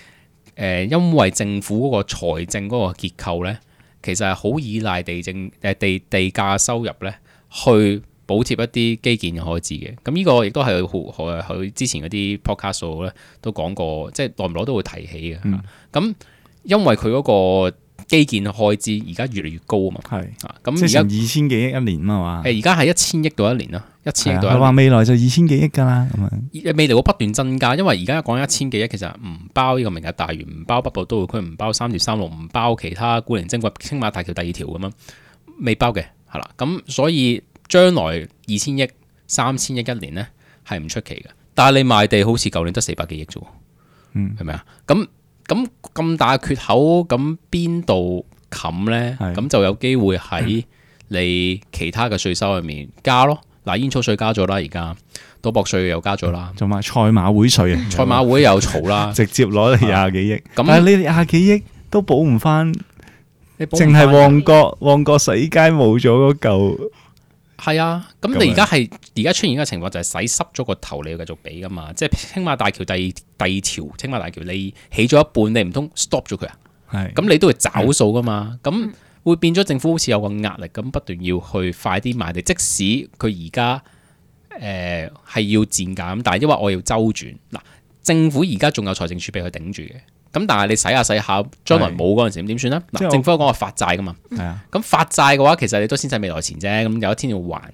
誒，因為政府嗰個財政嗰個結構咧，其實係好依賴地政誒地地價收入咧去補貼一啲基建嘅開支嘅，咁呢個亦都係好佢之前嗰啲 podcast 咧都講過，即係耐唔耐都會提起嘅。咁、嗯、因為佢嗰個基建嘅開支而家越嚟越高啊嘛。係是，咁而家二千幾億一年嘛嘛。而家係一千億到一年啦，一千億到一年。我話、啊、未來就二千幾億㗎啦。咁未來會不斷增加，因為而家講一千幾億其實唔包呢個明日大嶼，唔包北部都會區，唔包三鐵三路，唔包其他古靈精怪青馬大橋第二條咁樣未包嘅，係啦。咁所以。將來二千億、三千億一年呢，係唔出奇嘅，但係你賣地好似舊年得四百幾億啫，係咪啊？咁咁咁大缺口，咁邊度冚呢？咁是就有機會喺你其他嘅稅收入面加咯。嗱、嗯，煙草稅加咗啦，而家賭博稅又加咗啦，同埋賽馬會稅，賽馬會又儲啦， 直接攞咗廿幾億。咁、啊、但係你廿幾億都補唔翻，淨係、啊、旺角旺角洗衣街冇咗嗰嚿。係啊，咁你而家係而家出現嘅情況就係洗濕咗個頭，你要繼續俾噶嘛？即係青馬大橋第二第二條青馬大橋，你起咗一半，你唔通 stop 咗佢啊？咁是你都係找數噶嘛？咁是會變咗政府好似有個壓力，咁不斷要去快啲賣地，即使佢而家誒係要賤減價，但係因為我要周轉嗱，政府而家仲有財政儲備去頂住嘅。咁但係你洗下洗下，將來冇嗰陣時點算咧？嗱，政府講話發債噶嘛，咁係啊發債嘅話，其實你都先使未來錢啫。咁有一天要還，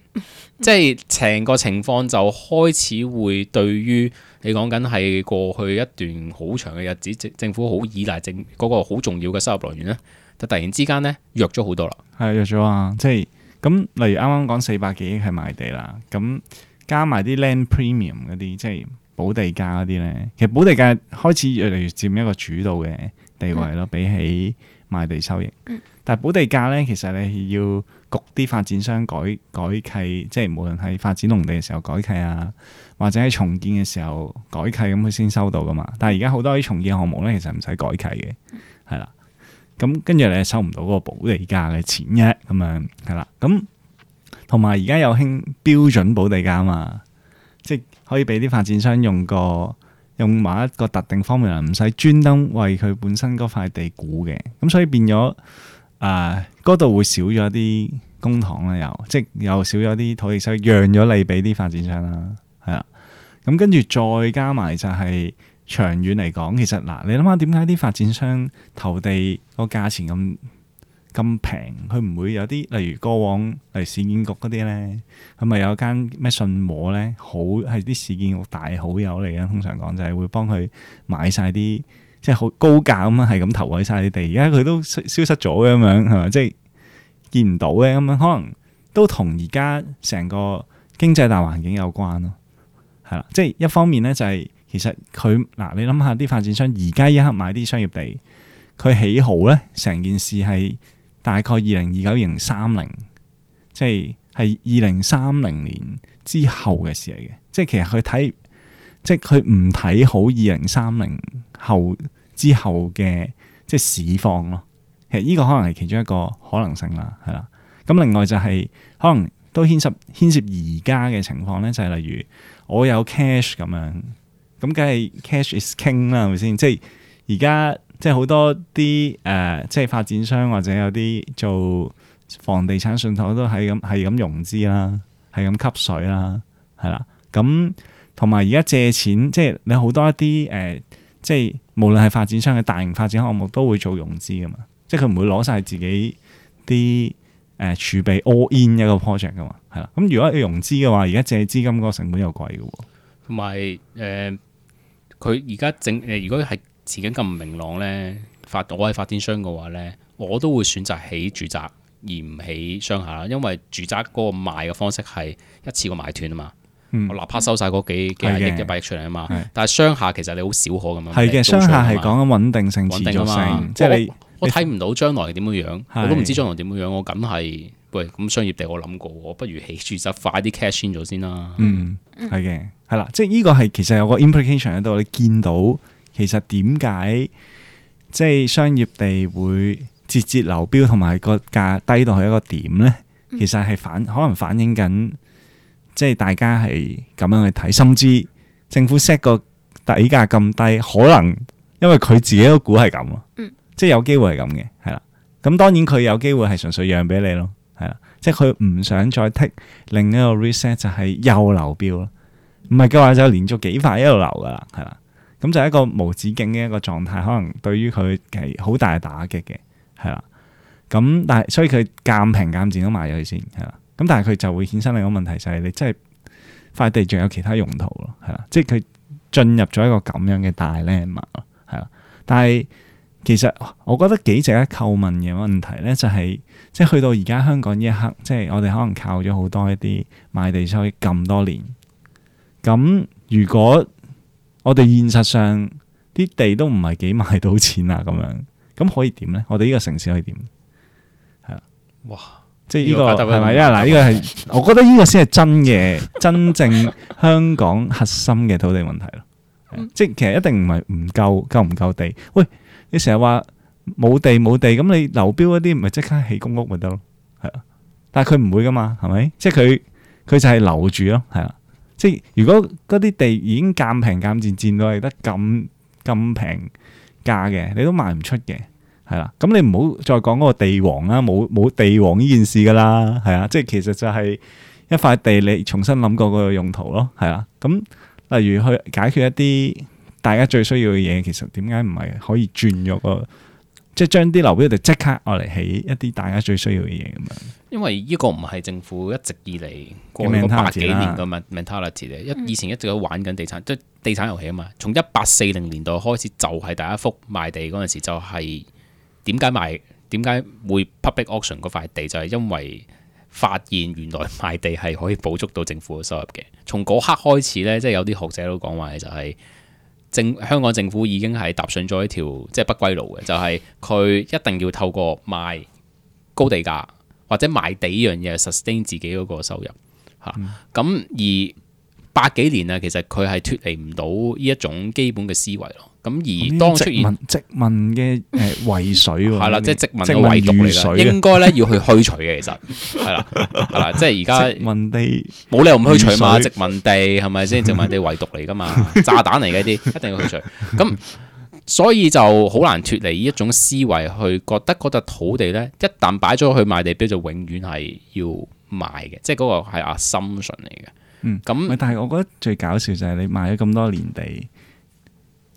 即係成個情況就開始會對於你講緊係過去一段好長嘅日子，政府好依賴政嗰個好重要嘅收入來源咧，就突然之間咧弱咗好多啦。係弱咗啊！即係咁，例如啱啱講四百幾億係賣地啦，咁加埋啲 land premium 嗰啲，即係。保地價嗰啲咧，其實保地價開始越嚟越佔一個主導嘅地位咯，嗯、比起賣地收益。嗯、但係保地價咧，其實你要焗啲發展商改改契，即係無論係發展農地嘅時候改契啊，或者係重建嘅時候改契咁佢先收到噶嘛。但係而家好多啲重建項目咧，其實唔使改契嘅，係啦、嗯。咁跟住你收唔到嗰個保地價嘅錢嘅，咁樣係啦。咁同埋而家有興標準保地價啊嘛。可以俾啲發展商用個用某一個特定方面，唔使專登為佢本身嗰塊地估嘅，咁所以變咗誒嗰度會少咗啲公帑啦，又即又少咗啲土地所以讓咗利俾啲發展商啦，係啦。咁跟住再加埋就係、是、長遠嚟講，其實嗱、呃，你諗下點解啲發展商投地個價錢咁咁平，佢唔會有啲例如過往嚟，市建局嗰啲咧，咁咪有間咩信和咧，好係啲市建局大好友嚟嘅，通常講就係會幫佢買晒啲即係好高價咁啊，係咁投位晒啲地，而家佢都消失咗咁樣，係嘛，即係見唔到嘅，咁樣可能都同而家成個經濟大環境有關咯，係啦，即係一方面咧就係其實佢嗱，你諗下啲發展商而家一刻買啲商業地，佢起好咧成件事係。大概二零二九、二零三零，即係係二零三零年之後嘅事嚟嘅。即係其實佢睇，即係佢唔睇好二零三零後之後嘅即係市況咯。其實呢個可能係其中一個可能性啦，係啦。咁另外就係可能都牽涉牽涉而家嘅情況咧，就係例如我有 cash 咁樣，咁梗係 cash is king 啦，係咪先？即係而家。即係好多啲誒、呃，即係發展商或者有啲做房地產信託都係咁係咁融資啦，係咁吸水啦，係啦。咁同埋而家借錢，即係你好多一啲誒、呃，即係無論係發展商嘅大型發展項目都會做融資噶嘛。即係佢唔會攞晒自己啲誒、呃、儲備 all in 一個 project 噶嘛。係啦。咁如果要融資嘅話，而家借資金個成本又貴嘅喎。同埋誒，佢而家整誒，如果係。前景咁明朗咧，發我係發展商嘅話咧，我都會選擇起住宅而唔起商廈啦，因為住宅嗰個賣嘅方式係一次過買斷啊嘛，我立刻收晒嗰幾幾廿億嘅百億出嚟啊嘛。但係商廈其實你好少可咁樣係嘅，商廈係講緊穩定性，穩定啊嘛。即係你，我睇唔到將來點樣樣，我都唔知將來點樣樣，我梗係喂咁商業地我諗過，我不如起住宅快啲 cash in 咗先啦。嗯，係嘅，係啦，即係呢個係其實有個 implication 喺度，你見到。其實點解即係商業地會節節流標，同埋個價低到係一個點咧？其實係反可能反映緊，即係大家係咁樣去睇，甚至政府 set 個底價咁低，可能因為佢自己都估係咁咯，嗯、即係有機會係咁嘅，係啦。咁當然佢有機會係純粹讓俾你咯，係啦，即係佢唔想再 take another risk 就係又流標咯，唔係嘅話就連續幾塊一路流噶啦，係啦。咁就係一個無止境嘅一個狀態，可能對於佢係好大打擊嘅，係啦。咁但係，所以佢減平減賤都賣咗先，係啦。咁但係佢就會衍生另一個問題，就係你即係塊地仲有其他用途咯，係啦。即係佢進入咗一個咁樣嘅大 limit 咯，係啦。但係其實我覺得幾值得叩問嘅問題咧，就係、是、即係去到而家香港呢一刻，即係我哋可能靠咗好多一啲賣地收益咁多年，咁如果，我哋現實上啲地都唔係幾賣到錢啊，咁樣咁可以點咧？我哋呢個城市可以點？係啦，哇！即係、這、呢個係咪？因為嗱，呢個係我覺得呢個先係真嘅 真正香港核心嘅土地問題咯。 即係其實一定唔係唔夠，夠唔夠地？喂，你成日話冇地冇地，咁你流標嗰啲唔係即刻起公屋咪得咯？係啊，但係佢唔會噶嘛，係咪？即係佢佢就係留住咯，係啊。即係如果嗰啲地已經鑑平鑑賤賤到係得咁咁平價嘅，你都賣唔出嘅，係啦。咁你唔好再講嗰個地王啦，冇冇地王呢件事噶啦，係啊。即係其實就係一塊地你重新諗過個用途咯，係啊。咁例如去解決一啲大家最需要嘅嘢，其實點解唔係可以轉用啊？即係將啲樓俾佢哋即刻攞嚟起一啲大家最需要嘅嘢咁樣。因為呢個唔係政府一直以嚟過百幾年嘅 mentality，一的 mentality、嗯、以前一直都玩緊地產，即、就、係、是、地產遊戲啊嘛。從一八四零年代開始就係第一幅賣地嗰陣時，就係點解賣點解會 public auction 嗰塊地就係、是、因為發現原來賣地係可以補足到政府嘅收入嘅。從嗰刻開始咧，即、就、係、是、有啲學者都講話就係、是。政香港政府已經係踏上咗一條即係不歸路嘅，就係、是、佢一定要透過賣高地價或者賣地依樣嘢嚟 sustain 自己嗰個收入嚇。咁、嗯啊、而百幾年啊，其實佢係脱離唔到呢一種基本嘅思維咯。咁而當出現殖民嘅誒、呃、遺水喎，係啦，即係殖民嘅遺毒嚟嘅，應該咧要去去除嘅，其實係啦，係啦，即係而家殖民地冇理由唔去除嘛，殖水民地係咪先？殖民地遺毒嚟噶嘛，炸彈嚟嘅啲， 一定要去除。咁所以就好難脱離依一種思維，去覺得嗰笪土地咧，一旦擺咗去賣地表，就永遠係要賣嘅，即係嗰個係啊心信嚟嘅。咁、嗯、但係我覺得最搞笑就係你賣咗咁多年地。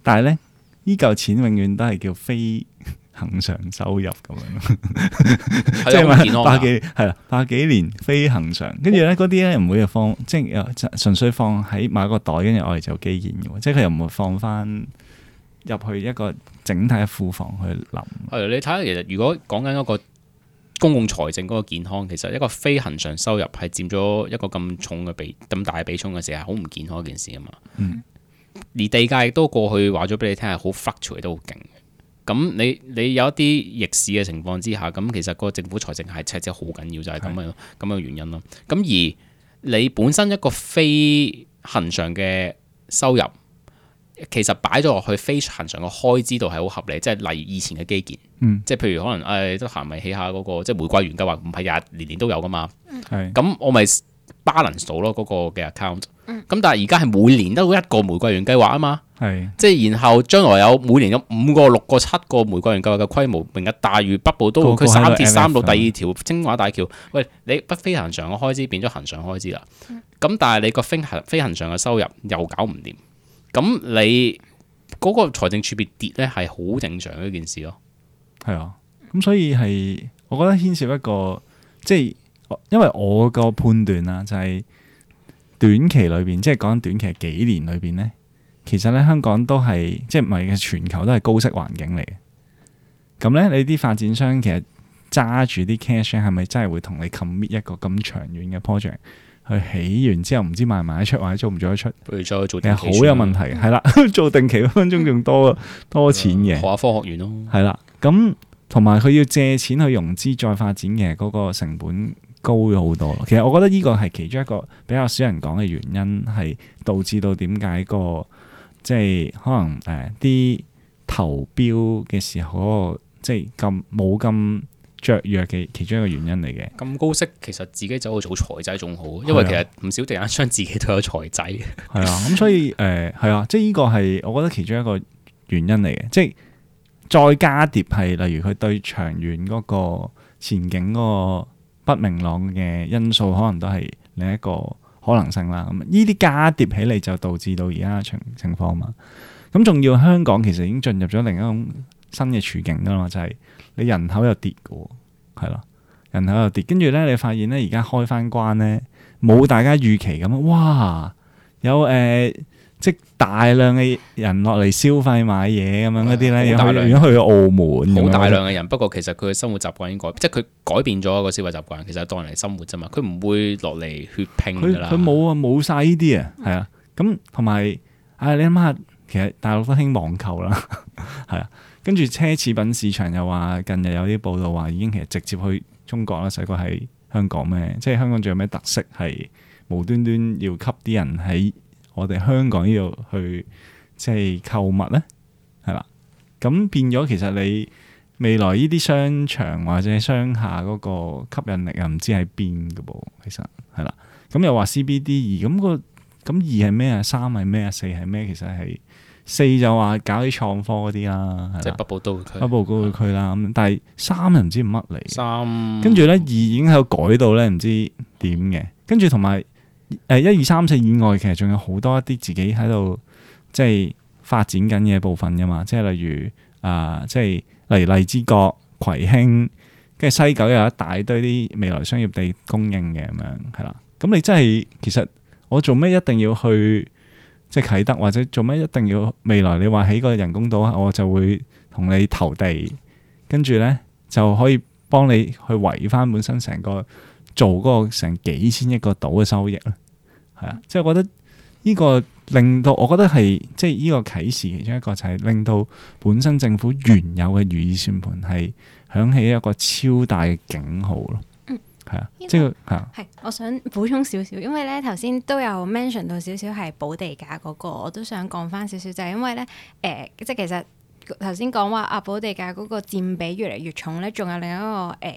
但係咧，依嚿錢永遠都係叫非恒常收入咁樣， 即係百幾係啦，百幾 年非恒常。跟住咧，嗰啲咧唔會放，即係純粹放喺買個袋，跟住我哋就基建嘅，即係佢又唔會放翻入去一個整體嘅庫房去諗。係你睇下，其實如果講緊一個公共財政嗰個健康，其實一個非恒常收入係佔咗一個咁重嘅比咁大比重嘅時候，係好唔健康一件事啊嘛。嗯。而地價亦都過去話咗俾你聽係好 fluctuate 都好勁，咁你你有一啲逆市嘅情況之下，咁其實個政府財政係赤字好緊要，就係咁樣咁嘅原因咯。咁是而你本身一個非恒常嘅收入，其實擺咗落去非恒常嘅開支度係好合理，即係例如以前嘅基建，即係、嗯、譬如可能誒得閒咪起下嗰個即係玫瑰園計劃，唔係日日年年都有噶嘛，咁是我咪。balance 到咯嗰個嘅 account，咁但係而家係每年都一個玫瑰園計劃啊嘛，係即係然後將來有每年有五個、六個、七個玫瑰園計劃嘅規模，明日大嶼北部都會區三鐵三路第二條精華大橋，喂，你北飛行常嘅開支變咗行上開支啦，咁、嗯、但係你個飛行飛行常嘅收入又搞唔掂，咁你嗰個財政儲備跌咧係好正常嘅一件事咯，係啊，咁所以係我覺得牽涉一個即係。因為我個判斷啦，就係短期裏邊，即係講緊短期幾年裏邊咧，其實咧香港都係，即係唔係嘅全球都係高息環境嚟嘅。咁咧，你啲發展商其實揸住啲 cash 係咪真係會同你 commit 一個咁長遠嘅 project 去起完之後，唔知賣唔賣得出，或者做唔做得出？譬如再做，係好有問題嘅。係啦，做定期一分鐘仲多 多錢嘅的，華、啊、科學院咯。係啦，咁同埋佢要借錢去融資再發展嘅嗰個成本，高咗好多咯，其實我覺得呢個係其中一個比較少人講嘅原因，係導致到點解、那個即係、就是、可能誒啲、呃、投標嘅時候嗰、那個即係咁冇咁雀躍嘅其中一個原因嚟嘅。咁高息其實自己走去做財仔仲好，因為其實唔少地產商自己都有財仔。係啊，咁、 啊、所以誒係、呃、啊，即係呢個係我覺得其中一個原因嚟嘅，即係再加一疊係例如佢對長遠嗰個前景嗰、那個。不明朗嘅因素，可能都係另一個可能性啦。咁呢啲加疊起嚟，就導致到而家嘅情情況嘛。咁仲要香港其實已經進入咗另一種新嘅處境啦，就係、是、你人口又跌嘅，係咯，人口又跌。跟住咧，你發現咧，而家開翻關咧，冇大家預期咁，哇，有誒。呃即大量嘅人落嚟消費買嘢咁樣嗰啲咧，欸、大量去澳門，冇大量嘅人。不過其實佢嘅生活習慣已經改變，即係佢改變咗個消費習慣。其實係當地人生活啫嘛，佢唔會落嚟血拼噶啦。佢冇、嗯、啊，冇晒呢啲啊，係啊。咁同埋啊，你諗下，其實大陸都興網購啦，係 啊。跟住奢侈品市場又話近日有啲報道話，已經其實直接去中國啦。使鬼喺香港咩？即係香港仲有咩特色係無端端要吸啲人喺？我哋香港呢度去即係購物咧，係啦，咁變咗其實你未來呢啲商場或者商廈嗰個吸引力啊，唔知喺邊噶噃，其實係啦，咁又話 CBD 二、咁個，咁個咁二係咩啊？三係咩啊？四係咩？其實係四就話搞啲創科嗰啲啦，即係北部都北部嗰個區啦，咁的但係三又唔知乜嚟，三跟住咧二已經喺度改到咧唔知點嘅，跟住同埋。誒一二三四以外，其實仲有好多一啲自己喺度即係發展緊嘅部分噶嘛，即係例如啊、呃，即係例如荔枝角、葵興，跟住西九有一大堆啲未來商業地供應嘅咁樣，係啦。咁你真係其實我做咩一定要去即係啟德，或者做咩一定要未來你話喺個人工島，我就會同你投地，跟住咧就可以幫你去圍翻本身成個。做嗰個成幾千億個賭嘅收益咯，係啊，即係我覺得呢個令到，我覺得係即係呢個啟示，其中一個就係令到本身政府原有嘅如意算盤係響起一個超大嘅警號咯。嗯，係啊的，即係啊，我想補充少少，因為咧頭先都有 mention 到少少係保地價嗰個，我都想講翻少少，就係、是、因為咧誒、呃，即係其實頭先講話阿保地價嗰個佔比越嚟越重咧，仲有另一個誒。呃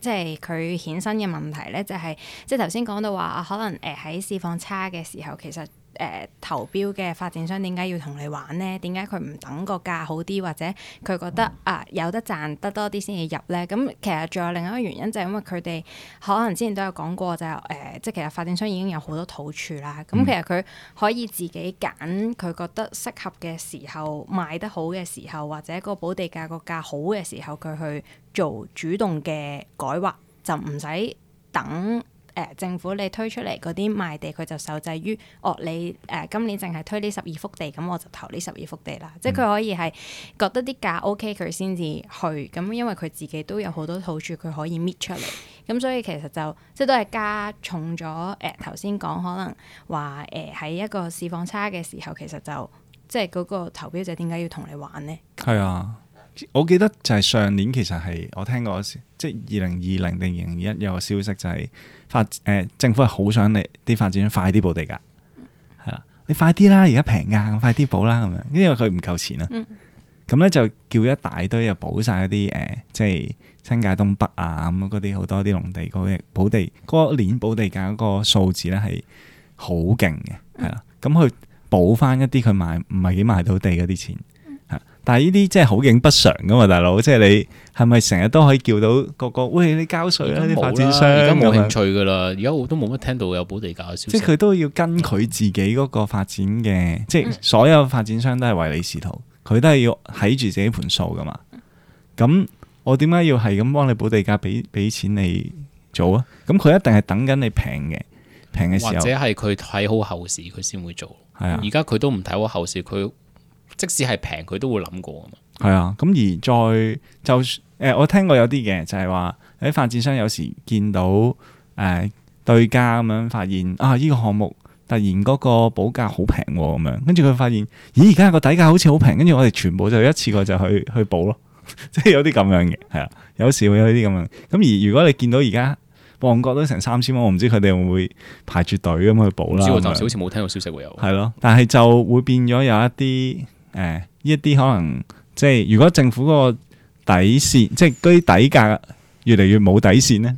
即係佢衍生嘅問題咧，就係、是、即係頭先講到話，可能誒喺市況差嘅時候，其實。誒投標嘅發展商點解要同你玩呢？點解佢唔等個價好啲，或者佢覺得啊有得賺得多啲先至入呢？咁其實仲有另一個原因就係因為佢哋可能之前都有講過就誒、係呃，即係其實發展商已經有好多土儲啦。咁、嗯、其實佢可以自己揀佢覺得適合嘅時候，賣得好嘅時候，或者個補地價個價好嘅時候，佢去做主動嘅改劃，就唔使等。呃、政府你推出嚟嗰啲賣地，佢就受制於我、哦、你、呃、今年淨係推呢十二幅地，咁我就投呢十二幅地啦。嗯、即係佢可以係覺得啲價 OK，佢先至去。咁因為佢自己都有好多好處，佢可以搣出嚟。咁所以其實就即係都係加重咗誒頭先講可能話誒喺一個市況差嘅時候，其實就即係嗰個投標者點解要同你玩呢？係啊，我記得就係上年其實係我聽過嗰時。即係二零二零定，二零二一有個消息就係發誒、呃、政府係好想你啲發展快啲補地價，係啦，你快啲啦，而家平啊，快啲補啦咁樣，因為佢唔夠錢啦。咁咧、嗯、就叫一大堆又補晒嗰啲誒，即係新界東北啊咁嗰啲好多啲農地嗰啲補地，嗰、那個、年補地價嗰個數字咧係好勁嘅，係啦。咁、嗯、佢、嗯、補翻一啲佢賣唔係幾賣到地嗰啲錢。但係呢啲真係好景不常噶嘛，大佬，即係你係咪成日都可以叫到個個？喂，你交稅啦，啲發展商而家冇興趣噶啦，而家我都冇乜聽到有補地價嘅消息。即係佢都要跟佢自己嗰個發展嘅，嗯、即係所有發展商都係唯利是圖，佢都係要喺住自己盤數噶嘛。咁我點解要係咁幫你補地價，俾俾錢你做啊？咁佢一定係等緊你平嘅平嘅時候，或者係佢睇好後市，佢先會做。係啊，而家佢都唔睇好後市，佢。即使係平，佢都會諗過。係啊，咁而再就誒我聽過有啲嘅，就係話啲發展商有時見到誒對價咁樣，發現啊呢個項目突然嗰個保價好平咁樣，跟住佢發現咦，而家個底價好似好平，跟住我哋全部就一次過就去去保咯，即係有啲咁樣嘅。係啊，有時會有呢啲咁樣。咁而如果你見到而家旺角都成三千蚊，我唔知佢哋會唔會排住隊咁去保啦。暫時好似冇聽到消息會有。係咯，但係就會變咗有一啲。誒，呢一啲可能即係如果政府嗰個底線，即係居底價越嚟越冇底線咧，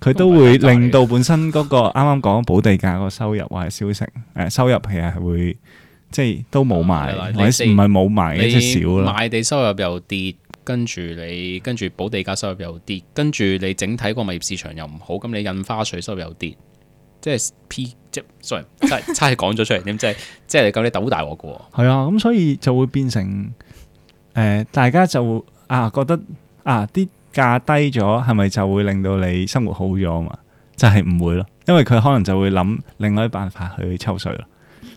佢都會令到本身嗰、嗰個啱啱講保地價個收入或者消息，誒收入係係會即係都冇埋，啊、或者唔係冇埋，即係少，你賣地收入又跌，跟住你跟住保地價收入又跌，跟住你整體個物業市場又唔好，咁你印花稅收入又跌。即係 P，即係 sorry，即係差嘢講咗出嚟，點 即係即係咁你斗大鑊噶？係啊，咁所以就會變成誒、呃，大家就會啊覺得啊啲價低咗，係咪就會令到你生活好咗啊？嘛，就係、是、唔會咯，因為佢可能就會諗另外一個辦法去抽水咯，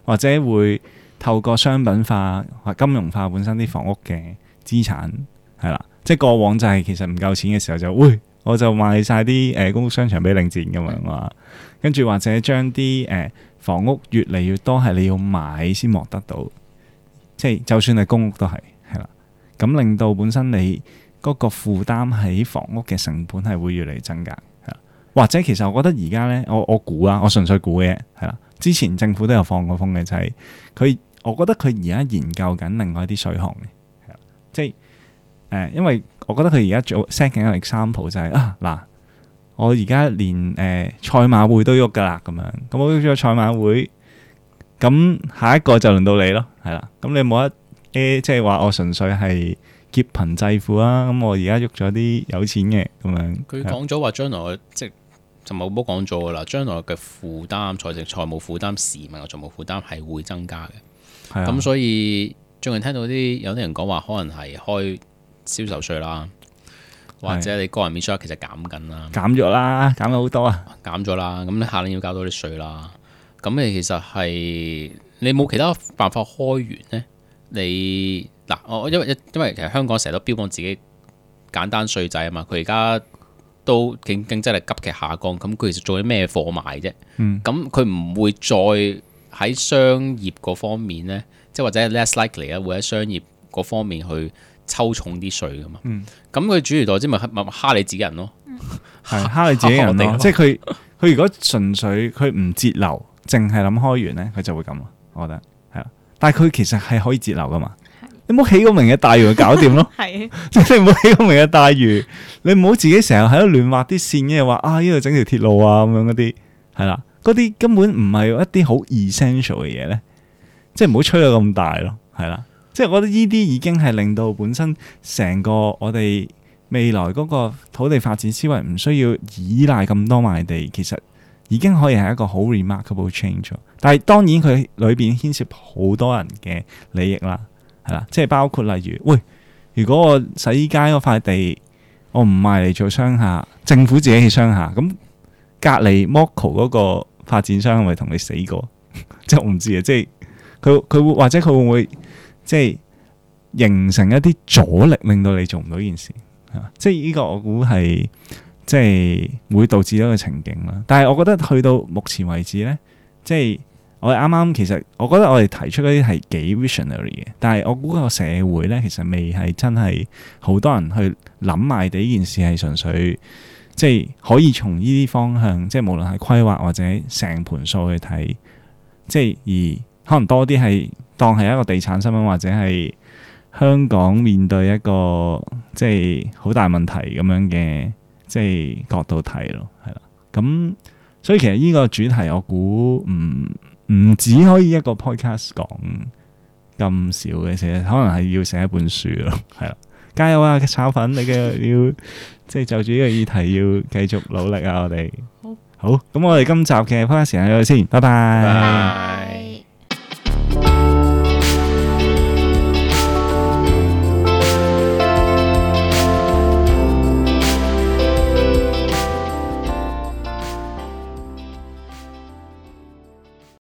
或者會透過商品化或金融化本身啲房屋嘅資產係啦、啊，即係過往就係、是、其實唔夠錢嘅時候就會。我就賣晒啲誒公屋商場俾領展咁樣話，跟住、嗯、或者將啲誒房屋越嚟越多係你要買先獲得到，即、就、係、是、就算係公屋都係，係啦。咁令到本身你嗰個負擔喺房屋嘅成本係會越嚟越增加，係啦。或者其實我覺得而家咧，我我估啊，我純粹估嘅，係啦。之前政府都有放過風嘅，就係、是、佢，我覺得佢而家研究緊另外一啲稅項嘅，係啦，即係。誒，因為我覺得佢而家做 send 嘅一個 example 就係、是、啊嗱，我而家連誒賽、呃、馬會都喐噶啦，咁樣咁我喐咗賽馬會，咁下一個就輪到你咯，係啦。咁你冇得，誒，即係話我純粹係劫貧濟富啊？咁我而家喐咗啲有錢嘅咁樣。佢講咗話將來即就冇埋冇講咗噶啦，將來嘅負擔，財政財務負擔，市民嘅財務負擔係會增加嘅。咁係、啊、所以最近聽到啲有啲人講話，可能係開銷售稅啦，或者你個人免稅，其實減緊的啦，減咗啦，減咗好多啊，減咗啦。咁你下年要交多啲稅啦。咁你其實係你冇其他辦法開源咧。你嗱，我、啊、因為因為其實香港成日都標榜自己簡單稅制啊嘛。佢而家都競競爭力急劇下降，咁佢其實做啲咩貨賣啫？嗯，咁佢唔會再喺商業嗰方面咧，即係或者 less likely 啊，會喺商業嗰方面去。抽重啲稅噶嘛？嗯，咁佢主事代之咪咪蝦你自己人咯，係蝦你自己人咯。即係佢佢如果純粹佢唔節流，淨係諗開源咧，佢就會咁啊。我覺得係啦，但係佢其實係可以節流噶嘛。你冇起個名嘅大魚搞掂咯。係，即係冇起個名嘅大魚。你唔好自己成日喺度亂畫啲線嘅話，啊，呢度整條鐵路啊，咁樣嗰啲係啦，嗰啲根本唔係一啲好 essential 嘅嘢咧。即係唔好吹到咁大咯，係啦。即係我覺得呢啲已經係令到本身成個我哋未來嗰個土地發展思維唔需要依賴咁多賣地，其實已經可以係一個好 remarkable change。但係當然佢裏邊牽涉好多人嘅利益啦，係啦，即係包括例如，喂，如果我洗衣街嗰塊地我唔賣嚟做商廈，政府自己起商廈，咁隔離 MOKO 嗰個發展商係咪同你死過？ 即係我唔知啊，即係佢佢會或者佢會唔會？即係形成一啲阻力，令到你做唔到件事，啊、即係呢個我估係即係會導致一個情景啦。但係我覺得去到目前為止呢，即係我哋啱啱其實我覺得我哋提出嗰啲係幾 visionary 嘅，但係我估個社會呢，其實未係真係好多人去諗埋啲件事，係純粹即係可以從呢啲方向，即係無論係規劃或者成盤數去睇，即係而可能多啲係。當係一個地產新聞，或者係香港面對一個即係好大問題咁樣嘅即係角度睇咯，係啦。咁所以其實呢個主題我，我估唔唔只可以一個 podcast 講咁少嘅，其實可能係要寫一本書咯，係啦。加油啊，炒粉！你嘅 要即係就住呢個議題要繼續努力啊，我哋。好。好，咁我哋今集嘅 podcast 就到呢度先，拜拜。Bye.